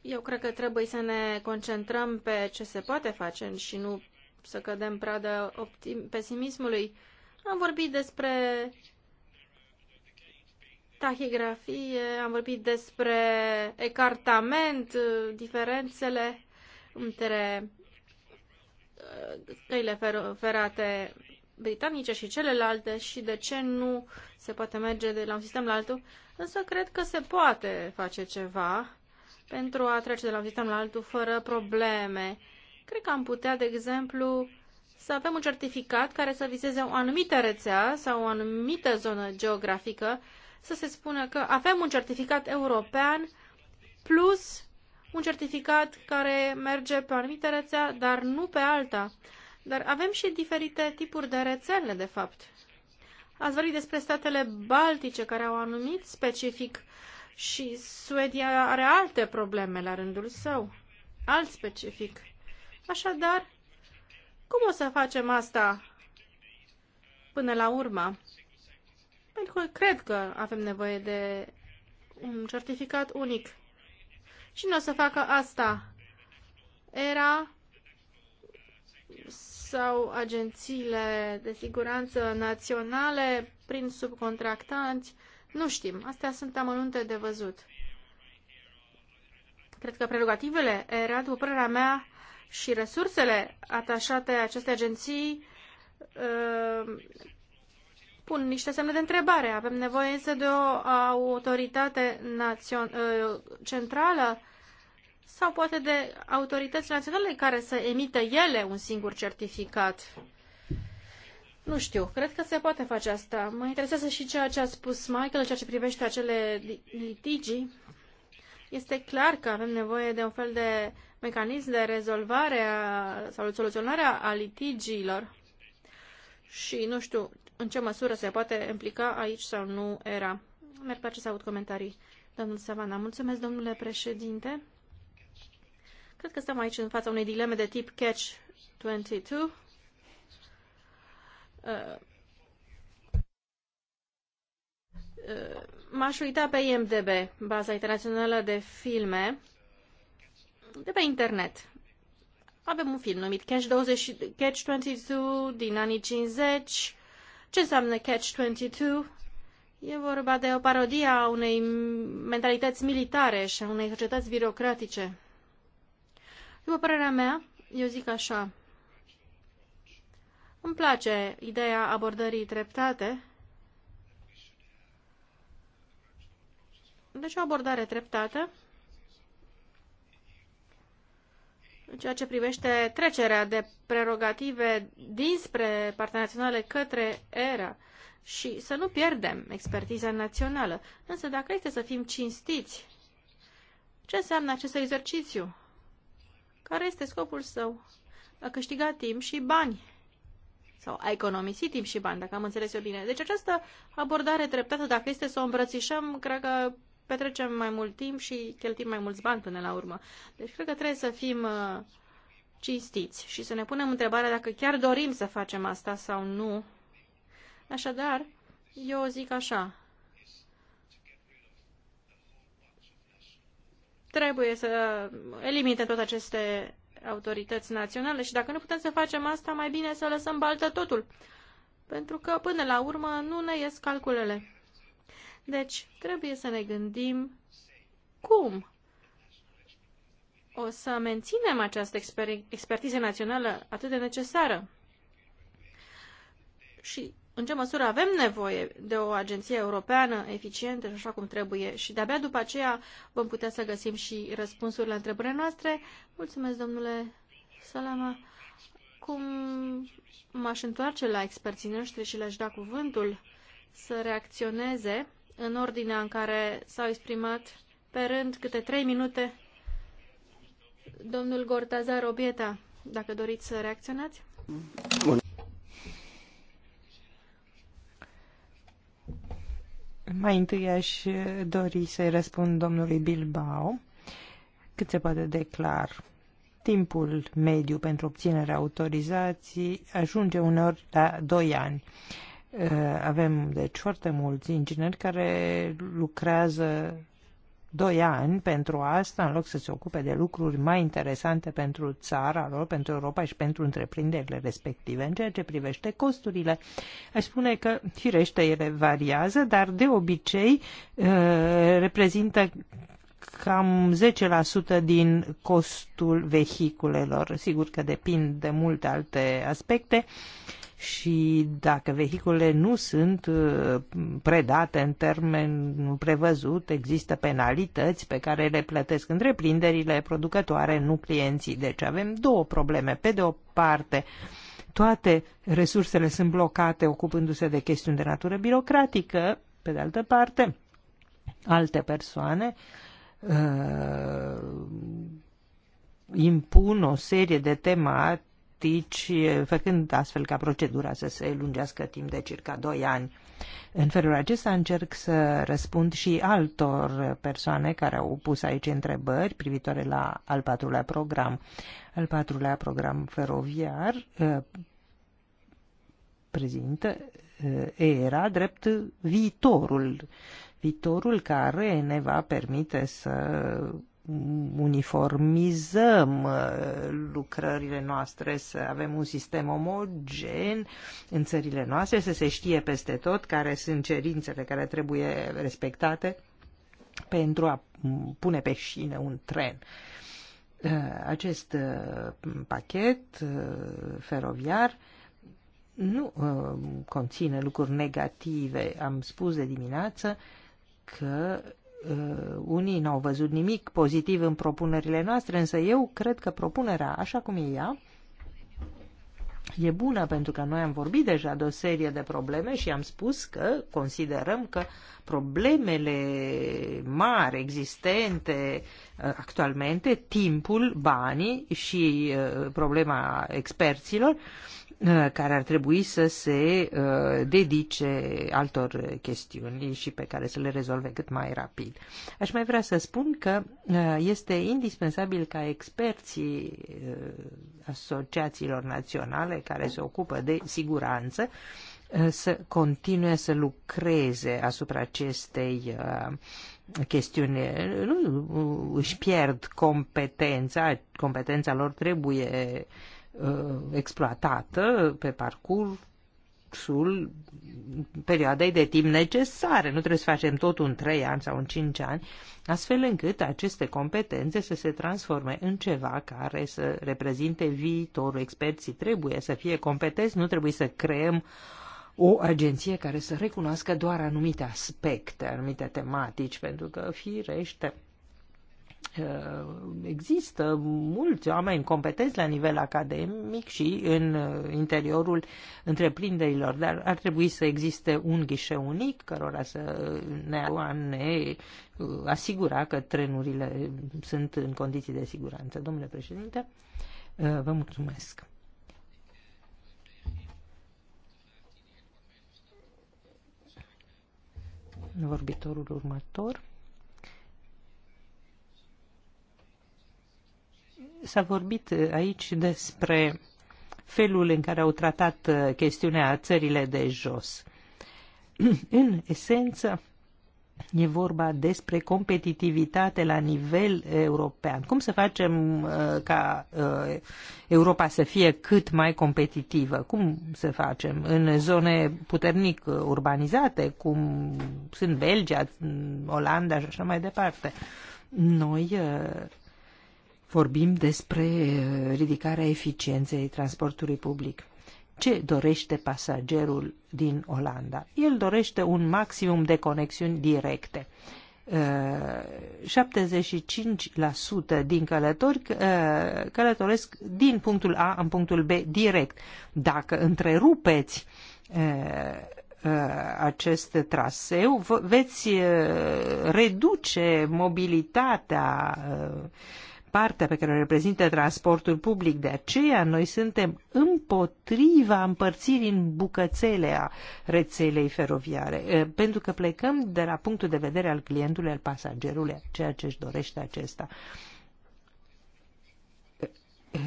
Eu cred că trebuie să ne concentrăm pe ce se poate face și nu să cădem pradă optim- pesimismului. Am vorbit despre tahigrafie, am vorbit despre ecartament, diferențele între uh, căile ferate britanice și celelalte și de ce nu se poate merge de la un sistem la altul, însă cred că se poate face ceva pentru a trece de la un sistem la altul fără probleme. Cred că am putea, de exemplu, să avem un certificat care să vizeze o anumită rețea sau o anumită zonă geografică să se spună că avem un certificat european plus un certificat care merge pe o anumită rețea, dar nu pe alta. Dar avem și diferite tipuri de rețele, de fapt. Ați vorbit despre statele baltice, care au anumit specific și Suedia are alte probleme la rândul său, alt specific. Așadar, cum o să facem asta până la urmă? Pentru că cred că avem nevoie de un certificat unic. Cine o să facă asta? Era sau agențiile de siguranță naționale prin subcontractanți? Nu știm. Astea sunt amănunte de văzut. Cred că prerogativele era, după părerea mea, și resursele atașate acestei agenții ă, pun niște semne de întrebare. Avem nevoie însă de o autoritate ă, centrală sau poate de autorități naționale care să emită ele un singur certificat. Nu știu, cred că se poate face asta. Mă interesează și ceea ce a spus Michael, ceea ce privește acele litigii. Este clar că avem nevoie de un fel de mecanism de rezolvare a, sau soluționare a litigiilor. Și, nu știu, în ce măsură se poate implica aici sau nu era. Mi-ar place să aud comentarii. Domnul Savana, mulțumesc, domnule președinte. Cred că stăm aici în fața unei dileme de tip catch-22. Uh, uh, M-aș uita pe IMDB, baza internațională de filme, de pe internet. Avem un film numit Catch, 22 Catch din anii 50, ce înseamnă Catch-22? E vorba de o parodie a unei mentalități militare și a unei societăți birocratice. După părerea mea, eu zic așa. Îmi place ideea abordării treptate. Deci o abordare treptată în ceea ce privește trecerea de prerogative dinspre partea națională către ERA și să nu pierdem expertiza națională. Însă dacă este să fim cinstiți, ce înseamnă acest exercițiu? Care este scopul său? A câștigat timp și bani. Sau a economisit timp și bani, dacă am înțeles eu bine. Deci această abordare treptată, dacă este să o îmbrățișăm, cred că petrecem mai mult timp și cheltim mai mulți bani până la urmă. Deci cred că trebuie să fim uh, cinstiți și să ne punem întrebarea dacă chiar dorim să facem asta sau nu. Așadar, eu zic așa. Trebuie să elimine toate aceste autorități naționale și dacă nu putem să facem asta, mai bine să lăsăm baltă totul. Pentru că, până la urmă, nu ne ies calculele. Deci, trebuie să ne gândim cum o să menținem această exper- expertiză națională atât de necesară și în ce măsură avem nevoie de o agenție europeană eficientă, așa cum trebuie, și de-abia după aceea vom putea să găsim și răspunsurile la întrebările noastre. Mulțumesc, domnule Salama. Cum m-aș întoarce la experții noștri și le-aș da cuvântul să reacționeze în ordinea în care s-au exprimat pe rând câte trei minute. Domnul Gortazar Obieta, dacă doriți să reacționați. Bun. Mai întâi aș dori să-i răspund domnului Bilbao cât se poate declar. Timpul mediu pentru obținerea autorizației ajunge uneori la 2 ani. Eh, avem, deci, foarte mulți ingineri care lucrează doi ani pentru asta, în loc să se ocupe de lucruri mai interesante pentru țara lor, pentru Europa și pentru întreprinderile respective. În ceea ce privește costurile, aș spune că, firește, ele variază, dar de obicei eh, reprezintă cam 10% din costul vehiculelor. Sigur că depind de multe alte aspecte, uh, și dacă vehiculele nu sunt uh, predate în termen prevăzut, există penalități pe care le plătesc întreprinderile producătoare, nu clienții. Deci avem două probleme. Pe de o parte, toate resursele sunt blocate ocupându-se de chestiuni de natură birocratică, pe de altă parte, alte persoane uh, impun o serie de temati practici, făcând astfel ca procedura să se lungească timp de circa 2 ani. În felul acesta încerc să răspund și altor persoane care au pus aici întrebări privitoare la al patrulea program. Al patrulea program feroviar uh, prezintă uh, era drept viitorul, viitorul care ne va permite să uniformizăm uh, lucrările noastre, să avem un sistem omogen în țările noastre, să se știe peste tot care sunt cerințele care trebuie respectate pentru a pune pe șine un tren. Uh, acest uh, pachet feroviar nu conține lucruri negative. Am spus de dimineață că Uh, unii n-au văzut nimic pozitiv în propunerile noastre, însă eu cred că propunerea, așa cum e ea, e bună pentru că noi am vorbit deja de o serie de probleme și am spus că considerăm că problemele mari existente uh, actualmente, timpul, banii și uh, problema experților, Uh, care ar trebui să se uh, dedice altor chestiuni și pe care să le rezolve cât mai rapid. Aș mai vrea să spun că uh, este indispensabil ca experții asociațiilor naționale care se ocupă de siguranță să continue să lucreze asupra acestei chestiuni. Nu își pierd competența, competența lor trebuie uh, Uh, exploatată pe parcursul perioadei de timp necesare. Nu trebuie să facem tot în trei ani sau în cinci ani, astfel încât aceste competențe să se transforme în ceva care să reprezinte viitorul. Experții trebuie să fie competenți, nu trebuie să creăm o agenție care să recunoască doar anumite aspecte, anumite tematici, pentru că, firește, Uh, există mulți oameni competenți la nivel academic și în uh, interiorul întreprinderilor, dar ar trebui să existe un ghișeu unic cărora să ne, ne uh, asigura că trenurile sunt în condiții de siguranță. Domnule președinte, vă mulțumesc. Vorbitorul următor. S-a vorbit uh, aici despre felul în care au tratat uh, chestiunea țările de jos. În esență, e vorba despre competitivitate la nivel european. Cum să facem uh, ca Europa să fie cât mai competitivă? Cum să facem? În zone puternic urbanizate, cum sunt Belgia, Olanda și așa mai departe. Noi vorbim despre uh, ridicarea eficienței transportului public. Ce dorește pasagerul din Olanda? El dorește un maximum de conexiuni directe. 75% uh, din călători uh, călătoresc din punctul A în punctul B direct. Dacă întrerupeți acest traseu, veți reduce mobilitatea partea pe care o reprezintă transportul public. De aceea noi suntem împotriva împărțirii în bucățele a rețelei feroviare, eh, pentru că plecăm de la punctul de vedere al clientului, al pasagerului, ceea ce își dorește acesta eh,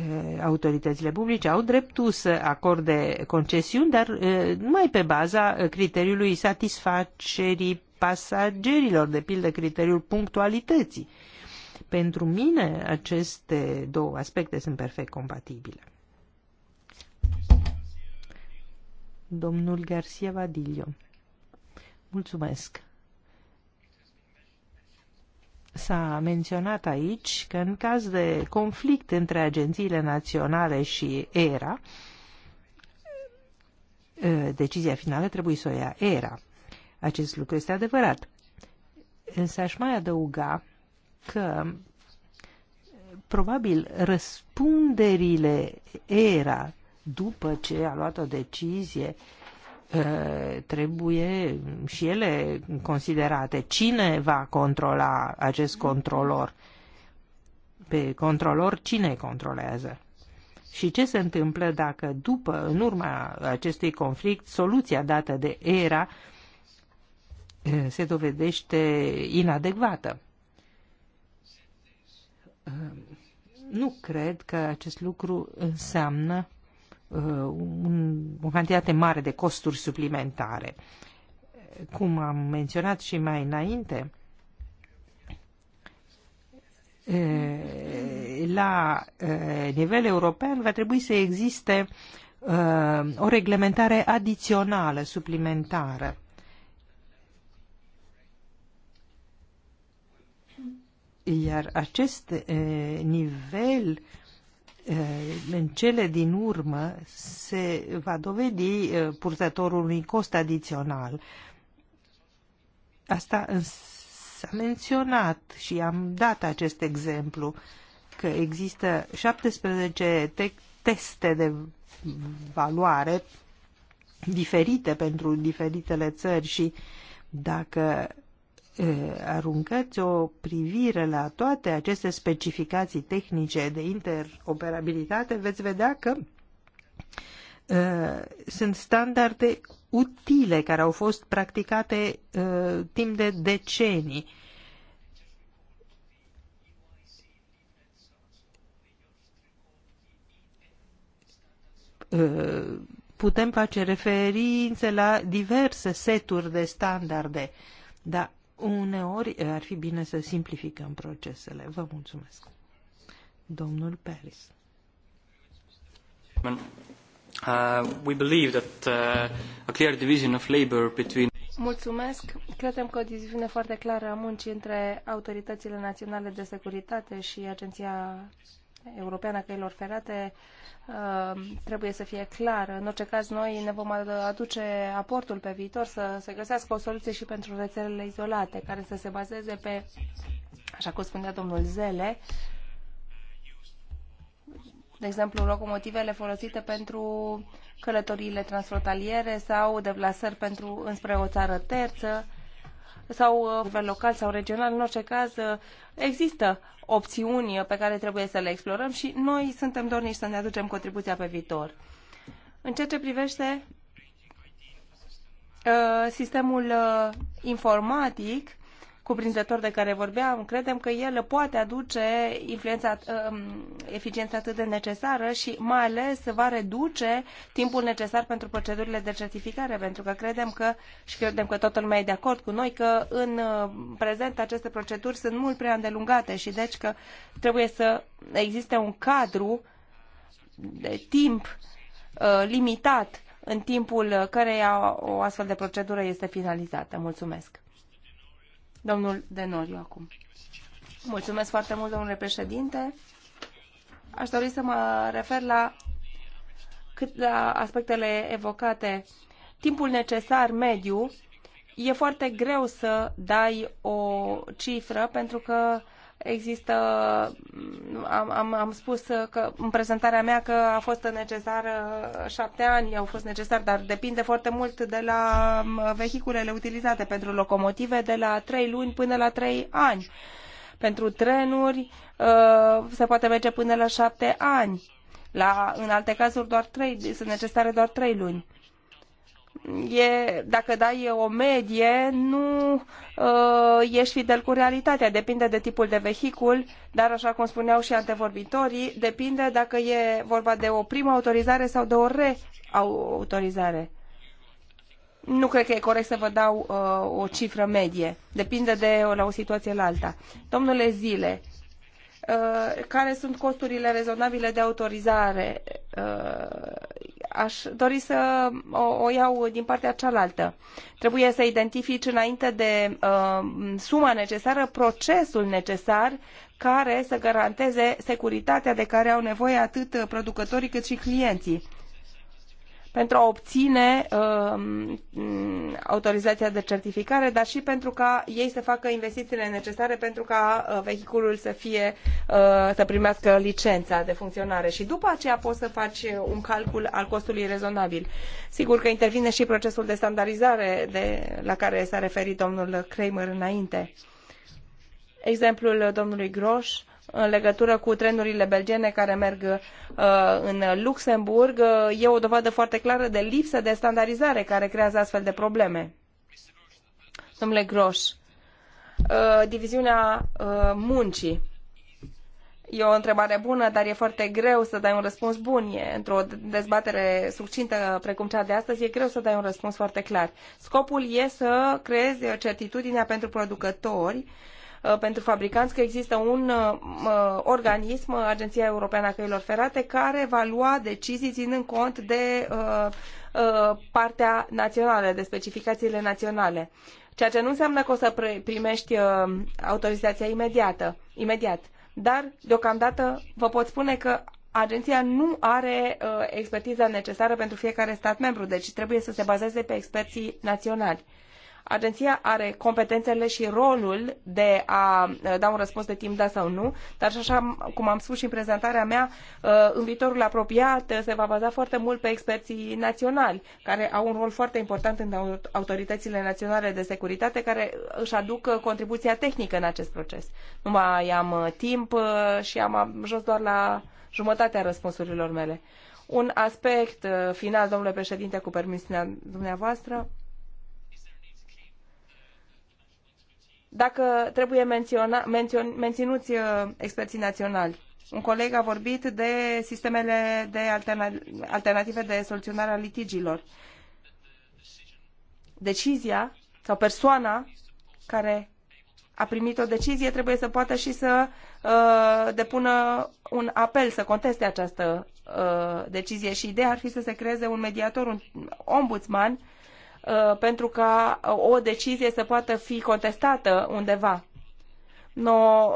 autoritățile publice au dreptul să acorde concesiuni, dar eh, numai pe baza criteriului satisfacerii pasagerilor, de pildă criteriul punctualității. Pentru mine aceste două aspecte sunt perfect compatibile. Domnul Garcia Vadilio. Mulțumesc. S-a menționat aici că în caz de conflict între agențiile naționale și ERA, decizia finală trebuie să o ia ERA. Acest lucru este adevărat. Însă aș mai adăuga că probabil răspunderile era după ce a luat o decizie ă, trebuie și ele considerate. Cine va controla acest controlor? Pe controlor cine controlează? Și ce se întâmplă dacă după, în urma acestui conflict, soluția dată de era ă, se dovedește inadecvată? Ehm, nu cred că acest lucru înseamnă ehm, un, o cantitate mare de costuri suplimentare. Cum am menționat și mai înainte, ehm, la nivel european va trebui să existe o reglementare adițională, suplimentară Iar acest nivel în cele din urmă se va dovedi purtătorul unui cost adițional. Asta s-a menționat și am dat acest exemplu că există 17 te teste de valoare diferite pentru diferitele țări și dacă aruncați o privire la toate aceste specificații tehnice de interoperabilitate, veți vedea că sunt standarde utile care au fost practicate timp de decenii. Putem face referințe la diverse seturi de standarde, dar uneori eh, ar fi bine să simplificăm procesele. Vă mulțumesc. Domnul Peris. Uh, we believe that uh, a clear division of between Mulțumesc. Credem că o diviziune foarte clară a muncii între autoritățile naționale de securitate și Agenția Europeană a Căilor Ferate uh, trebuie să fie clară. În orice caz, noi ne vom aduce aportul pe viitor să se găsească o soluție și pentru rețelele izolate, care să se bazeze pe, așa cum spunea domnul Zele, de exemplu, locomotivele folosite pentru călătoriile transfrontaliere sau deplasări pentru, înspre o țară terță, sau uh, nivel local sau regional, în orice caz, uh, există opțiuni uh, pe care trebuie să le explorăm și noi suntem dornici să ne aducem contribuția pe viitor. În ceea ce privește sistemul informatic, cuprinzător de care vorbeam, credem că el poate aduce influența, um, eficiența atât de necesară și mai ales va reduce timpul necesar pentru procedurile de certificare, pentru că credem că, și credem că toată lumea e de acord cu noi, că în uh, prezent aceste proceduri sunt mult prea îndelungate și deci că trebuie să existe un cadru de timp uh, limitat în timpul căreia o astfel de procedură este finalizată. Mulțumesc! Domnul Denoriu acum. Mulțumesc foarte mult, domnule președinte. Aș dori să mă refer la, cât la aspectele evocate. Timpul necesar mediu e foarte greu să dai o cifră pentru că uh, Există, am, am, am spus că în prezentarea mea că a fost necesar uh, șapte ani, au fost necesari, dar depinde foarte mult de la um, vehiculele utilizate pentru locomotive, de la trei luni până la trei ani. Pentru trenuri uh, se poate merge până la șapte ani. La, în alte cazuri doar trei, sunt necesare doar trei luni e, dacă dai o medie, nu uh, ești fidel cu realitatea. Depinde de tipul de vehicul, dar așa cum spuneau și antevorbitorii, depinde dacă e vorba de o primă autorizare sau de o reautorizare. Nu cred că e corect să vă dau uh, o cifră medie. Depinde de uh, la o situație la alta. Domnule Zile, uh, care sunt costurile rezonabile de autorizare? Uh, aș dori să o, o iau din partea cealaltă. Trebuie să identifici înainte de uh, suma necesară procesul necesar care să garanteze securitatea de care au nevoie atât producătorii cât și clienții pentru a obține uh, autorizația de certificare, dar și pentru ca ei să facă investițiile necesare pentru ca uh, vehiculul să fie uh, să primească licența de funcționare și după aceea poți să faci un calcul al costului rezonabil. Sigur că intervine și procesul de standardizare de, la care s-a referit domnul Kramer înainte. Exemplul domnului Groș în legătură cu trenurile belgiene care merg uh, în Luxemburg uh, e o dovadă foarte clară de lipsă de standardizare care creează astfel de probleme. Domnule Groș, uh, diviziunea uh, muncii. E o întrebare bună, dar e foarte greu să dai un răspuns bun. E, într-o dezbatere succintă precum cea de astăzi, e greu să dai un răspuns foarte clar. Scopul e să creezi certitudinea pentru producători uh, Uh, pentru fabricanți că există un uh, uh, organism, Agenția Europeană a Căilor Ferate, care va lua decizii ținând cont de partea națională, de specificațiile naționale. Ceea ce nu înseamnă că o să primești autorizația imediată, imediat. Dar, deocamdată, vă pot spune că agenția nu are uh, expertiza necesară pentru fiecare stat membru, deci trebuie să se bazeze pe experții naționali. Uh, Agenția are competențele și rolul de a uh, da un răspuns de timp da sau nu, dar și așa cum am spus și în prezentarea mea, uh, în viitorul apropiat uh, se va baza foarte mult pe experții naționali, care au un rol foarte important în autoritățile naționale de securitate, care își aduc contribuția tehnică în acest proces. Nu mai am timp și am ajuns doar la jumătatea răspunsurilor mele. Un aspect final, domnule președinte, cu permisiunea dumneavoastră, dacă trebuie menționa, mențion, menținuți uh, experții naționali. Un coleg a vorbit de sistemele de alterna, alternative de soluționare a litigiilor. Decizia sau persoana care a primit o decizie trebuie să poată și să uh, depună un apel, să conteste această uh, decizie și ideea ar fi să se creeze un mediator, un ombudsman uh, Uh, pentru ca o decizie să poată fi contestată undeva. No,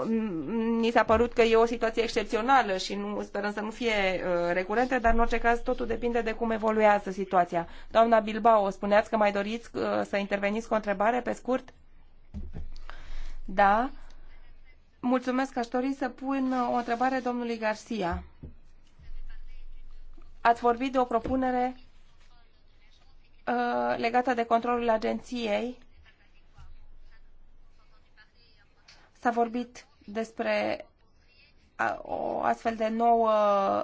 ni s-a părut că e o situație excepțională și nu, sperăm să nu fie uh, recurentă, dar în orice caz totul depinde de cum evoluează situația. Doamna Bilbao, spuneați că mai doriți uh, să interveniți cu o întrebare pe scurt? Da. Mulțumesc, aș dori să pun uh, o întrebare domnului Garcia. Ați vorbit de o propunere Uh, legată de controlul agenției. S-a vorbit despre uh, o astfel de nouă,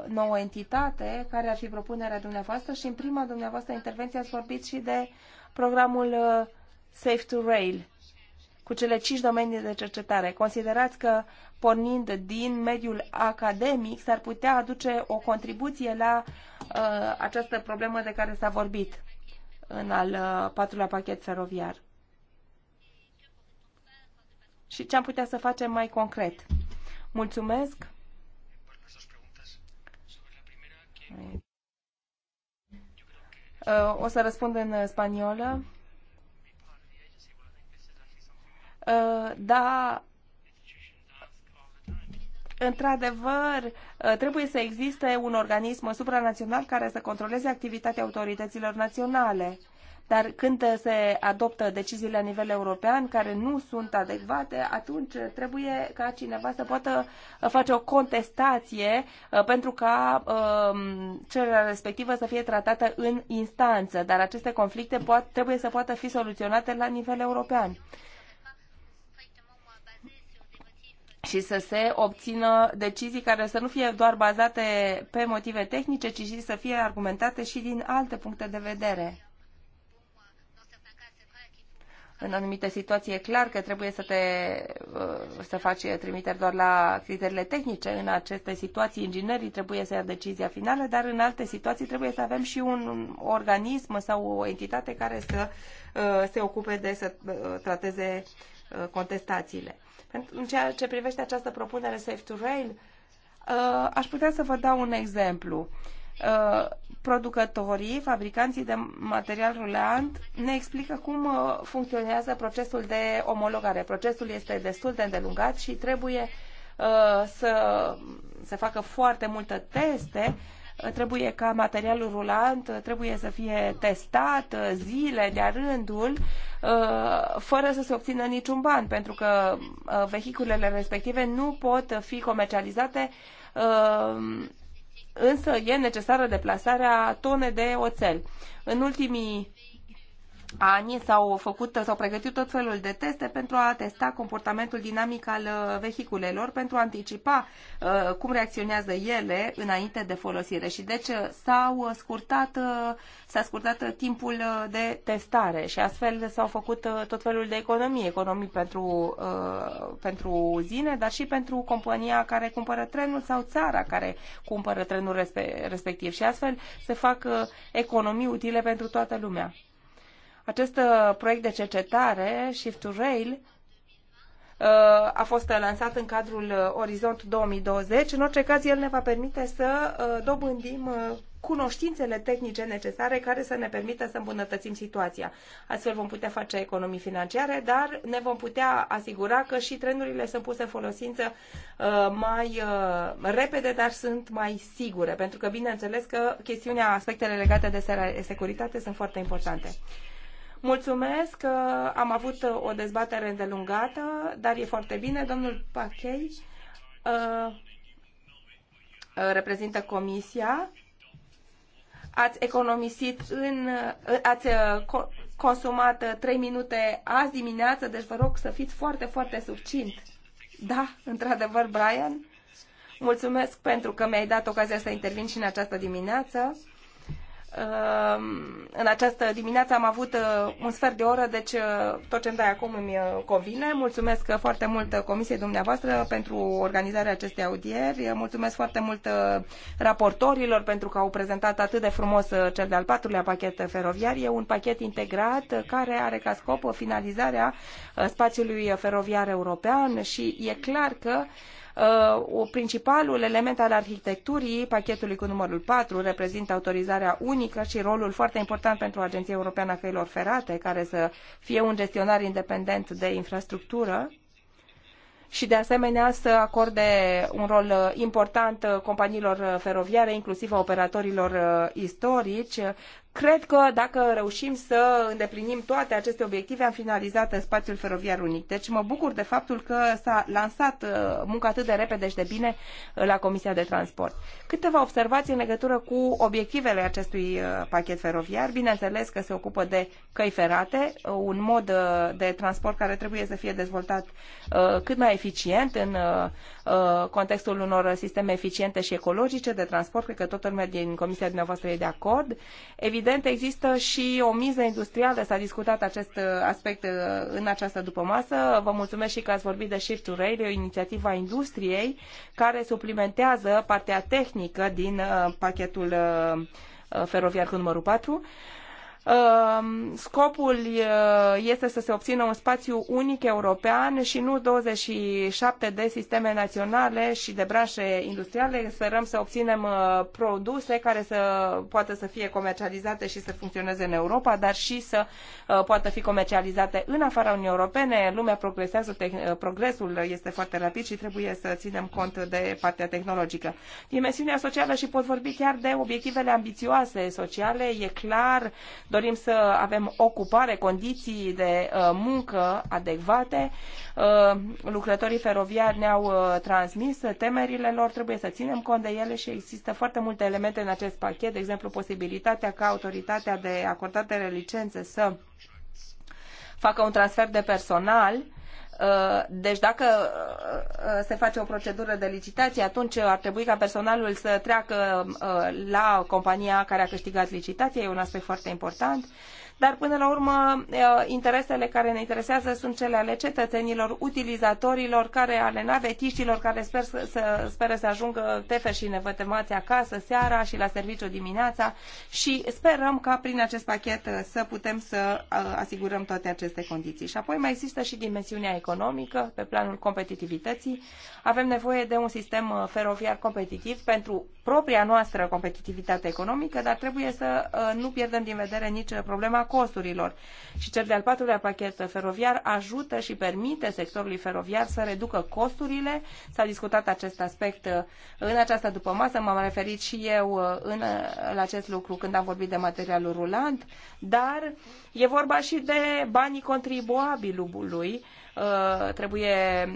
nouă entitate, care ar fi propunerea dumneavoastră și în prima dumneavoastră intervenție ați vorbit și de programul uh, Safe to Rail cu cele cinci domenii de cercetare. Considerați că, pornind din mediul academic, s-ar putea aduce o contribuție la uh, această problemă de care s-a vorbit în al uh, patrulea pachet feroviar. Și ce am putea să facem mai concret? Mulțumesc! Uh, o să răspund în spaniolă. Uh, da, Într-adevăr, uh, trebuie să existe un organism supranațional care să controleze activitatea autorităților naționale. Dar când se adoptă deciziile la nivel european care nu sunt adecvate, atunci trebuie ca cineva să poată uh, face o contestație uh, pentru ca um, cererea respectivă să fie tratată în instanță. Dar aceste conflicte poate, trebuie să poată fi soluționate la nivel european. și să se obțină decizii care să nu fie doar bazate pe motive tehnice, ci și să fie argumentate și din alte puncte de vedere. În anumite situații e clar că trebuie să, te, uh, să faci trimiteri doar la criteriile tehnice. În aceste situații inginerii trebuie să ia decizia finală, dar în alte situații trebuie să avem și un organism sau o entitate care să uh, se ocupe de să uh, trateze contestațiile. În ceea ce privește această propunere Safe to Rail, uh, aș putea să vă dau un exemplu. Uh, producătorii, fabricanții de material rulant ne explică cum uh, funcționează procesul de omologare. Procesul este destul de îndelungat și trebuie să se facă foarte multe teste trebuie ca materialul rulant uh, trebuie să fie testat uh, zile de-a rândul uh, fără să se obțină niciun ban, pentru că vehiculele respective nu pot fi comercializate însă e necesară deplasarea tone de oțel. În ultimii ani s-au făcut, s-au pregătit tot felul de teste pentru a testa comportamentul dinamic al uh, vehiculelor, pentru a anticipa uh, cum reacționează ele înainte de folosire. Și deci uh, s-au scurtat, s-a scurtat timpul de testare și astfel s-au făcut tot felul de economii, economii pentru, pentru uzine, dar și pentru compania care cumpără trenul sau țara care cumpără trenul respectiv. Și astfel se fac economii utile pentru toată lumea. Acest uh, proiect de cercetare, Shift to Rail, uh, a fost lansat în cadrul uh, Orizont 2020. În orice caz, el ne va permite să uh, dobândim cunoștințele tehnice necesare care să ne permită să îmbunătățim situația. Astfel vom putea face economii financiare, dar ne vom putea asigura că și trenurile sunt puse în folosință mai repede, dar sunt mai sigure, pentru că bineînțeles că chestiunea, aspectele legate de securitate sunt foarte importante. Mulțumesc că am avut uh, o dezbatere îndelungată, dar e foarte bine. Domnul Pachei uh, uh reprezintă comisia. Ați economisit în... Uh, ați uh, consumat 3 minute azi dimineață, deci vă rog să fiți foarte, foarte succint. Da, într-adevăr, Brian, mulțumesc pentru că mi-ai dat ocazia să intervin și în această dimineață. Ehm, în această dimineață am avut eh, un sfert de oră, deci eh, tot ce îmi dai acum îmi eh, convine. Mulțumesc foarte mult Comisiei dumneavoastră pentru organizarea acestei audieri. Mulțumesc foarte mult raportorilor pentru că au prezentat atât de frumos cel de-al patrulea pachet feroviar. E un pachet integrat care are ca scop finalizarea spațiului feroviar european și e clar că uh, principalul element al arhitecturii pachetului cu numărul 4 reprezintă autorizarea unică și rolul foarte important pentru Agenția Europeană a Căilor Ferate, care să fie un gestionar independent de infrastructură și de asemenea să acorde un rol important companiilor feroviare, inclusiv operatorilor uh, istorici, Cred că dacă reușim să îndeplinim toate aceste obiective, am finalizat în spațiul feroviar unic. Deci mă bucur de faptul că s-a lansat uh, munca atât de repede și de bine uh, la Comisia de Transport. Câteva observații în legătură cu obiectivele acestui uh, pachet feroviar. Bineînțeles că se ocupă de căi ferate, un mod de transport care trebuie să fie dezvoltat cât mai eficient în contextul unor sisteme eficiente și ecologice de transport. Cred că toată lumea din Comisia dumneavoastră e de acord. Evident, evident, există și o miză industrială. S-a discutat acest uh, aspect uh, în această dupămasă. Vă mulțumesc și că ați vorbit de Shift to Rail, o inițiativă a industriei care suplimentează partea tehnică din uh, pachetul feroviar cu numărul 4. Ehm, scopul eh, este să se obțină un spațiu unic european și nu 27 de sisteme naționale și de branșe industriale. Sperăm să obținem eh, produse care să poată să fie comercializate și să funcționeze în Europa, dar și să eh, poată fi comercializate în afara Uniunii Europene. Lumea progresează, progresul este foarte rapid și trebuie să ținem cont de partea tehnologică. Dimensiunea socială și pot vorbi chiar de obiectivele ambițioase sociale. E clar, dorim să avem ocupare, condiții de uh, muncă adecvate. Uh, lucrătorii feroviari ne-au uh, transmis temerile lor, trebuie să ținem cont de ele și există foarte multe elemente în acest pachet, de exemplu posibilitatea ca autoritatea de acordare de licențe să facă un transfer de personal Uh, deci dacă uh, uh, se face o procedură de licitație, atunci ar trebui ca personalul să treacă la compania care a câștigat licitația. E un aspect foarte important dar până la urmă interesele care ne interesează sunt cele ale cetățenilor, utilizatorilor, care ale navetiștilor, care sper să, să, speră să ajungă tefer și nevătămați acasă seara și la serviciu dimineața și sperăm ca prin acest pachet să putem să asigurăm toate aceste condiții. Și apoi mai există și dimensiunea economică pe planul competitivității. Avem nevoie de un sistem feroviar competitiv pentru propria noastră competitivitate economică, dar trebuie să uh, nu pierdem din vedere nici uh, problema costurilor. Și cel de-al patrulea pachet feroviar ajută și permite sectorului feroviar să reducă costurile. S-a discutat acest aspect uh, în această dupămasă, m-am referit și eu în, la acest lucru când am vorbit de materialul rulant, dar e vorba și de banii contribuabilului Uh, trebuie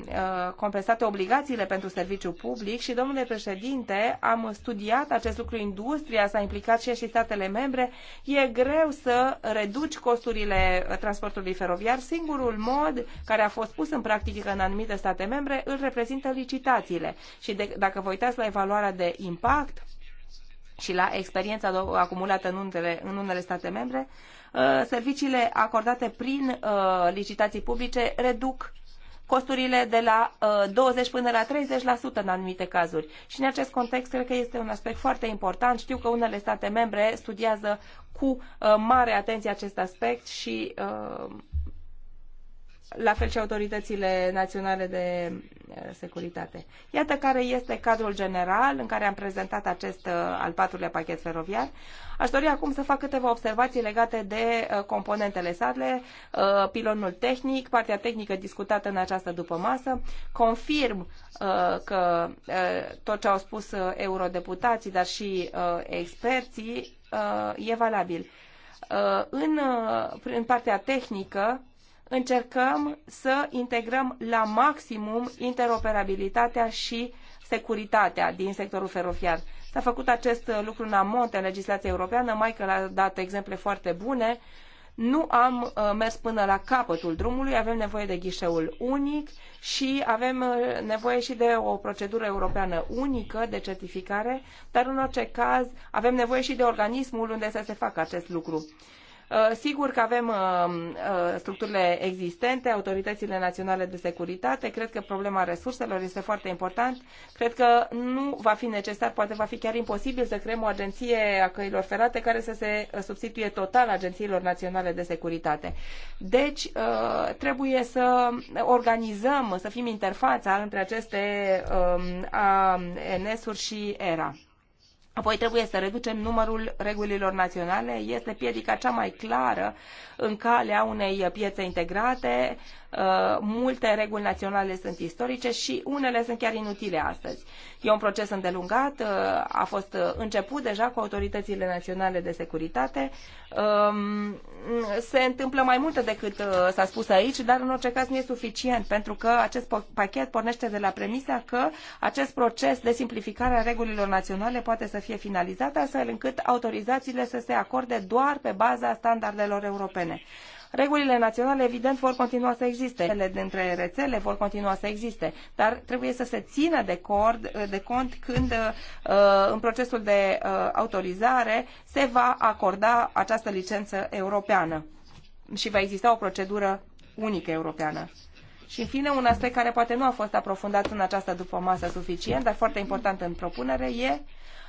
uh, compensate obligațiile pentru serviciu public și, domnule președinte, am studiat acest lucru, industria s-a implicat și, și statele membre. E greu să reduci costurile uh, transportului feroviar. Singurul mod care a fost pus în practică în anumite state membre îl reprezintă licitațiile. Și de, dacă vă uitați la evaluarea de impact, și la experiența acumulată în unele, în unele state membre, Uh, serviciile acordate prin uh, licitații publice reduc costurile de la 20 uh, până la 30% în anumite cazuri. Și în acest context, cred că este un aspect foarte important. Știu că unele state membre studiază cu mare atenție acest aspect și la fel și autoritățile naționale de eh, securitate. Iată care este cadrul general în care am prezentat acest eh, al patrulea pachet feroviar. Aș dori acum să fac câteva observații legate de eh, componentele sale, pilonul tehnic, partea tehnică discutată în această dupămasă. Confirm că tot ce au spus eurodeputații, dar și experții, e valabil. În, în partea tehnică, încercăm să integrăm la maximum interoperabilitatea și securitatea din sectorul feroviar. S-a făcut acest lucru în amont în legislația europeană, mai că a dat exemple foarte bune, nu am uh, mers până la capătul drumului, avem nevoie de ghișeul unic și avem uh, nevoie și de o procedură europeană unică de certificare, dar în orice caz avem nevoie și de organismul unde să se facă acest lucru. Uh, sigur că avem uh, uh, structurile existente, autoritățile naționale de securitate, cred că problema resurselor este foarte important, cred că nu va fi necesar, poate va fi chiar imposibil să creăm o agenție a căilor ferate care să se substituie total agențiilor naționale de securitate. Deci trebuie să organizăm, să fim interfața între aceste um, ANS-uri și ERA. Apoi trebuie să reducem numărul regulilor naționale. Este piedica cea mai clară în calea unei piețe integrate. Uh, multe reguli naționale sunt istorice și unele sunt chiar inutile astăzi. E un proces îndelungat, uh, a fost început deja cu autoritățile naționale de securitate. Um, se întâmplă mai multe decât uh, s-a spus aici, dar în orice caz nu e suficient, pentru că acest pachet pornește de la premisa că acest proces de simplificare a regulilor naționale poate să fie finalizată, astfel încât autorizațiile să se acorde doar pe baza standardelor europene. Regulile naționale, evident, vor continua să existe. Ele dintre rețele vor continua să existe, dar trebuie să se țină de, cord, de cont când uh, în procesul de uh, autorizare se va acorda această licență europeană și va exista o procedură unică europeană. Și, în fine, un aspect care poate nu a fost aprofundat în această masă suficient, dar foarte important în propunere, e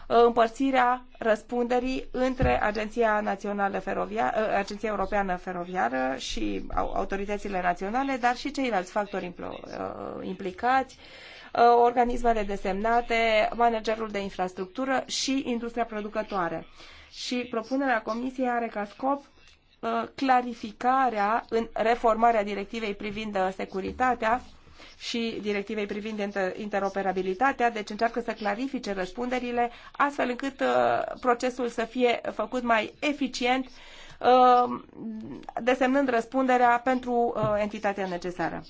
Uh, împărțirea răspunderii între Agenția, Națională feroviară, uh, Agenția Europeană Feroviară și autoritățile naționale, dar și ceilalți factori uh, implicați, organismele desemnate, managerul de infrastructură și industria producătoare. Și propunerea Comisiei are ca scop clarificarea în reformarea directivei privind securitatea și directivei privind interoperabilitatea, deci încearcă să clarifice răspunderile, astfel încât uh, procesul să fie făcut mai eficient, uh, desemnând răspunderea pentru uh, entitatea necesară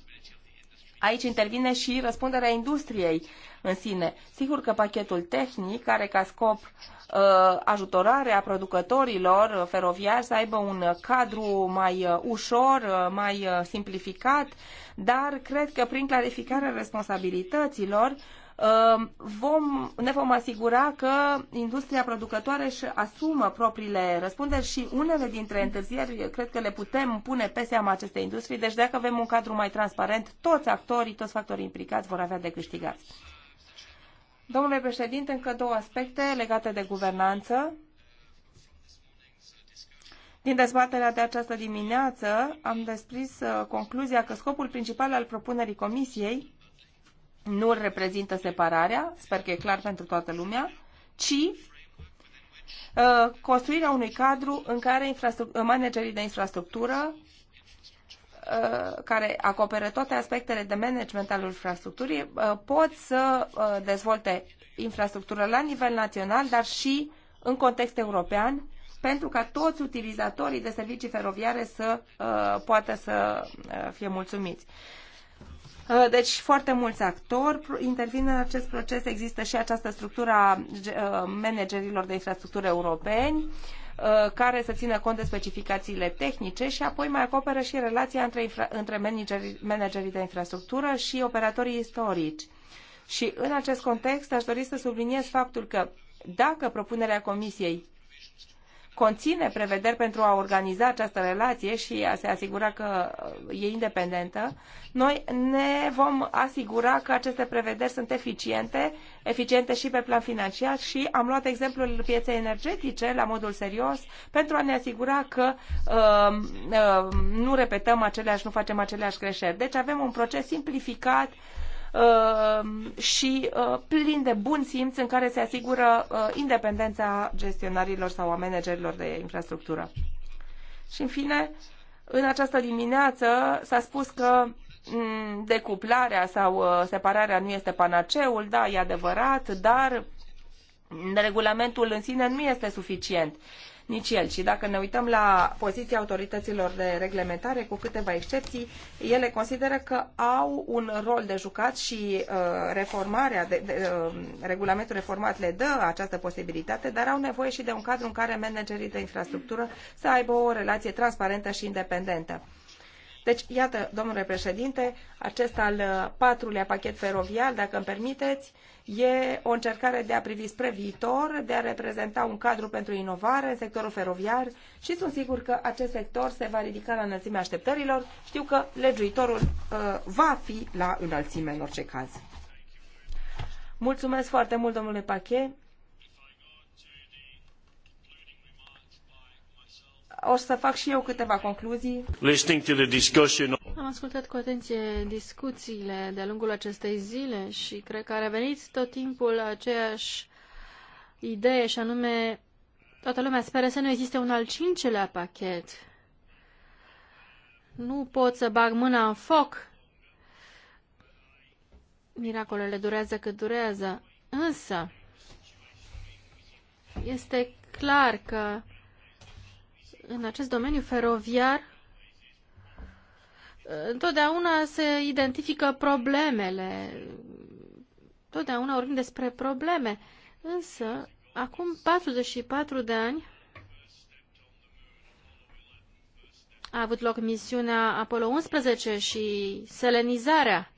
aici intervine și răspunderea industriei în sine. Sigur că pachetul tehnic are ca scop uh, ajutorarea producătorilor feroviari să aibă un cadru mai uh, ușor, uh, mai simplificat, dar cred că prin clarificarea responsabilităților Ehm, vom, ne vom asigura că industria producătoare își asumă propriile răspunderi și unele dintre întârzieri cred că le putem pune pe seama acestei industrii, deci dacă avem un cadru mai transparent, toți actorii, toți factorii implicați vor avea de câștigat. Domnule președinte, încă două aspecte legate de guvernanță. Din dezbaterea de această dimineață am desprins uh, concluzia că scopul principal al propunerii Comisiei nu reprezintă separarea, sper că e clar pentru toată lumea, ci uh, construirea unui cadru în care uh, managerii de infrastructură uh, care acoperă toate aspectele de management al infrastructurii pot să dezvolte infrastructură la nivel național, dar și în context european, pentru ca toți utilizatorii de servicii feroviare să poată să fie mulțumiți. Uh, deci foarte mulți actori intervin în acest proces, există și această structură a uh, managerilor de infrastructură europeni uh, care să țină cont de specificațiile tehnice și apoi mai acoperă și relația între, infra, între managerii, managerii de infrastructură și operatorii istorici. Și în acest context aș dori să subliniez faptul că dacă propunerea Comisiei conține prevederi pentru a organiza această relație și a se asigura că uh, e independentă, noi ne vom asigura că aceste prevederi sunt eficiente, eficiente și pe plan financiar și am luat exemplul pieței energetice la modul serios pentru a ne asigura că uh, uh, nu repetăm aceleași, nu facem aceleași greșeli. Deci avem un proces simplificat uh, Uh, și uh, plin de bun simț în care se asigură uh, independența gestionarilor sau a managerilor de infrastructură. Și în fine, în această dimineață s-a spus că mm, decuplarea sau separarea nu este panaceul, da, e adevărat, dar regulamentul în sine nu este suficient nici el. Și dacă ne uităm la poziția autorităților de reglementare, cu câteva excepții, ele consideră că au un rol de jucat și uh, reformarea, de, de, uh, regulamentul reformat le dă această posibilitate, dar au nevoie și de un cadru în care managerii de infrastructură să aibă o relație transparentă și independentă. Deci, iată, domnule președinte, acest al uh, patrulea pachet feroviar, dacă îmi permiteți, uh, E o încercare de a privi spre viitor, de a reprezenta un cadru pentru inovare în sectorul feroviar și sunt sigur că acest sector se va ridica la înălțimea așteptărilor. Știu că legiuitorul uh, va fi la înălțime în orice caz. Mulțumesc foarte mult, domnule Pachet. o să fac și eu câteva concluzii. Am ascultat cu atenție discuțiile de-a lungul acestei zile și cred că a revenit tot timpul aceeași idee și anume toată lumea speră să nu existe un al cincelea pachet. Nu pot să bag mâna în foc. Miracolele durează cât durează. Însă, este clar că în acest domeniu feroviar întotdeauna se identifică problemele. Totdeauna vorbim despre probleme. Însă, acum 44 de ani a avut loc misiunea Apollo 11 și selenizarea.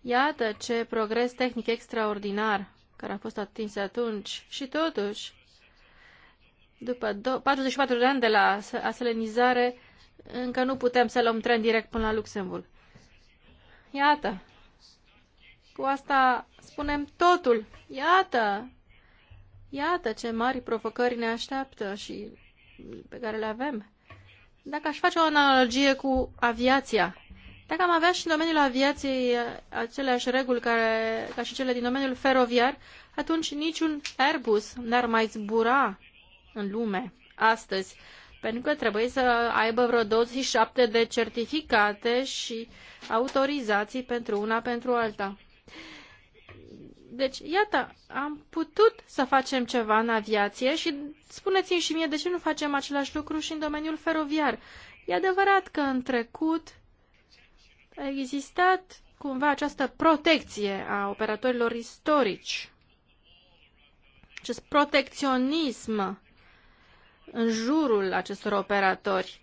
Iată ce progres tehnic extraordinar care a fost atins atunci. Și totuși, după 44 de ani de la aselenizare, încă nu putem să luăm tren direct până la Luxemburg. Iată. Cu asta spunem totul. Iată. Iată ce mari provocări ne așteaptă și pe care le avem. Dacă aș face o analogie cu aviația, dacă am avea și în domeniul aviației uh, aceleași reguli care, ca și cele din domeniul feroviar, atunci niciun Airbus n-ar mai zbura în lume astăzi, pentru că trebuie să aibă vreo 27 de certificate și autorizații pentru una pentru alta. Deci, iată, am putut să facem ceva în aviație și spuneți-mi și mie de ce nu facem același lucru și în domeniul feroviar. E adevărat că în trecut a existat cumva această protecție a operatorilor istorici, acest protecționism în jurul acestor operatori.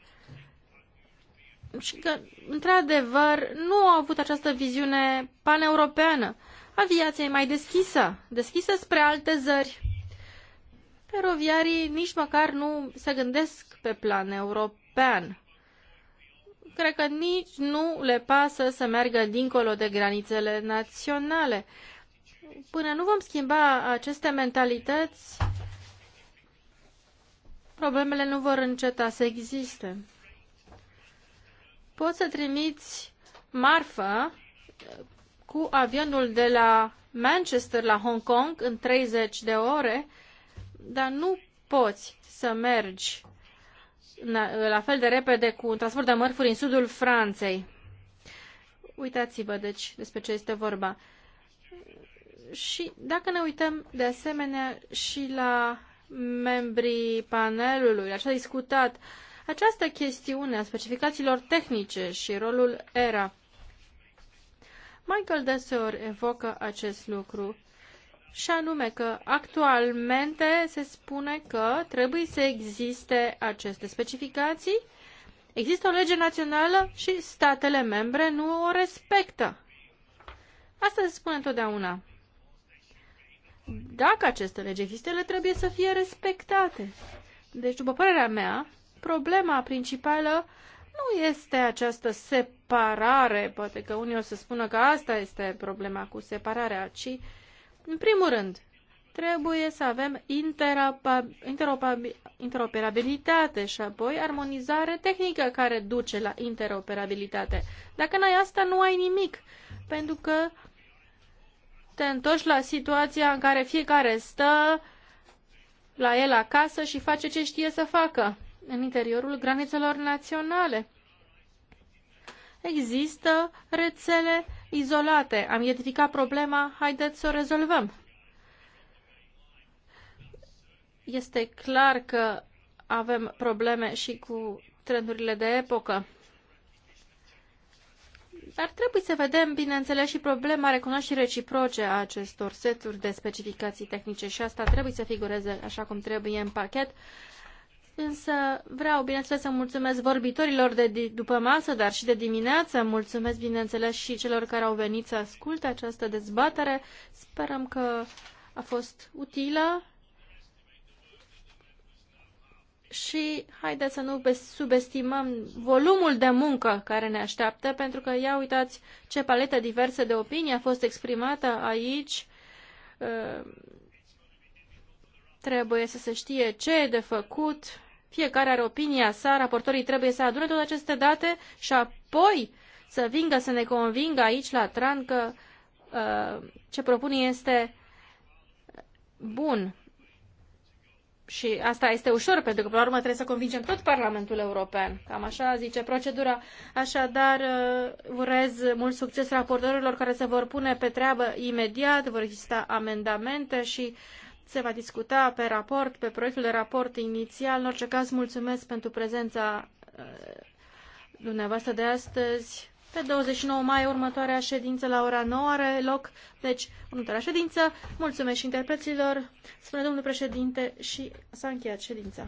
Și că, într-adevăr, nu au avut această viziune paneuropeană. Aviația e mai deschisă, deschisă spre alte zări. Feroviarii nici măcar nu se gândesc pe plan european. Cred că nici nu le pasă să meargă dincolo de granițele naționale. Până nu vom schimba aceste mentalități, problemele nu vor înceta să existe. Poți să trimiți marfă uh, cu avionul de la Manchester la Hong Kong în 30 de ore, dar nu poți să mergi uh, la fel de repede cu un transport de mărfuri în sudul Franței. Uitați-vă, deci, despre ce este vorba. Și dacă ne uităm, de asemenea, și la membrii panelului. Așa a discutat această chestiune a specificațiilor tehnice și rolul ERA. Michael deseori evocă acest lucru și anume că actualmente se spune că trebuie să existe aceste specificații, există o lege națională și statele membre nu o respectă. Asta se spune întotdeauna. Dacă aceste legi există, ele trebuie să fie respectate. Deci, după părerea mea, problema principală nu este această separare, poate că unii o să spună că asta este problema cu separarea, ci, în primul rând, trebuie să avem interoperabilitate și apoi armonizare tehnică care duce la interoperabilitate. Dacă n-ai asta, nu ai nimic, pentru că te întorci la situația în care fiecare stă la el acasă și face ce știe să facă în interiorul granițelor naționale. Există rețele izolate. Am identificat problema, haideți să o rezolvăm. Este clar că avem probleme și cu trendurile de epocă. Dar trebuie să vedem, bineînțeles, și problema recunoașterii reciproce a acestor seturi de specificații tehnice și asta trebuie să figureze așa cum trebuie în pachet. Însă vreau, bineînțeles, să mulțumesc vorbitorilor de după masă, dar și de dimineață. Mulțumesc, bineînțeles, și celor care au venit să asculte această dezbatere. Sperăm că a fost utilă și haideți să nu subestimăm volumul de muncă care ne așteaptă, pentru că, ia uitați, ce paletă diversă de opinii a fost exprimată aici. Uh, trebuie să se știe ce e de făcut, fiecare are opinia sa, raportorii trebuie să adune toate aceste date și apoi să vingă, să ne convingă aici la Tran că uh, ce propune este bun și asta este ușor, pentru că, până la urmă, trebuie să convingem tot Parlamentul European. Cam așa zice procedura. Așadar, uh, urez mult succes raportorilor care se vor pune pe treabă imediat, vor exista amendamente și se va discuta pe raport, pe proiectul de raport inițial. În orice caz, mulțumesc pentru prezența uh, dumneavoastră de astăzi pe 29 mai, următoarea ședință la ora 9 are loc, deci următoarea ședință. Mulțumesc și interpreților, spune domnul președinte și s-a încheiat ședința.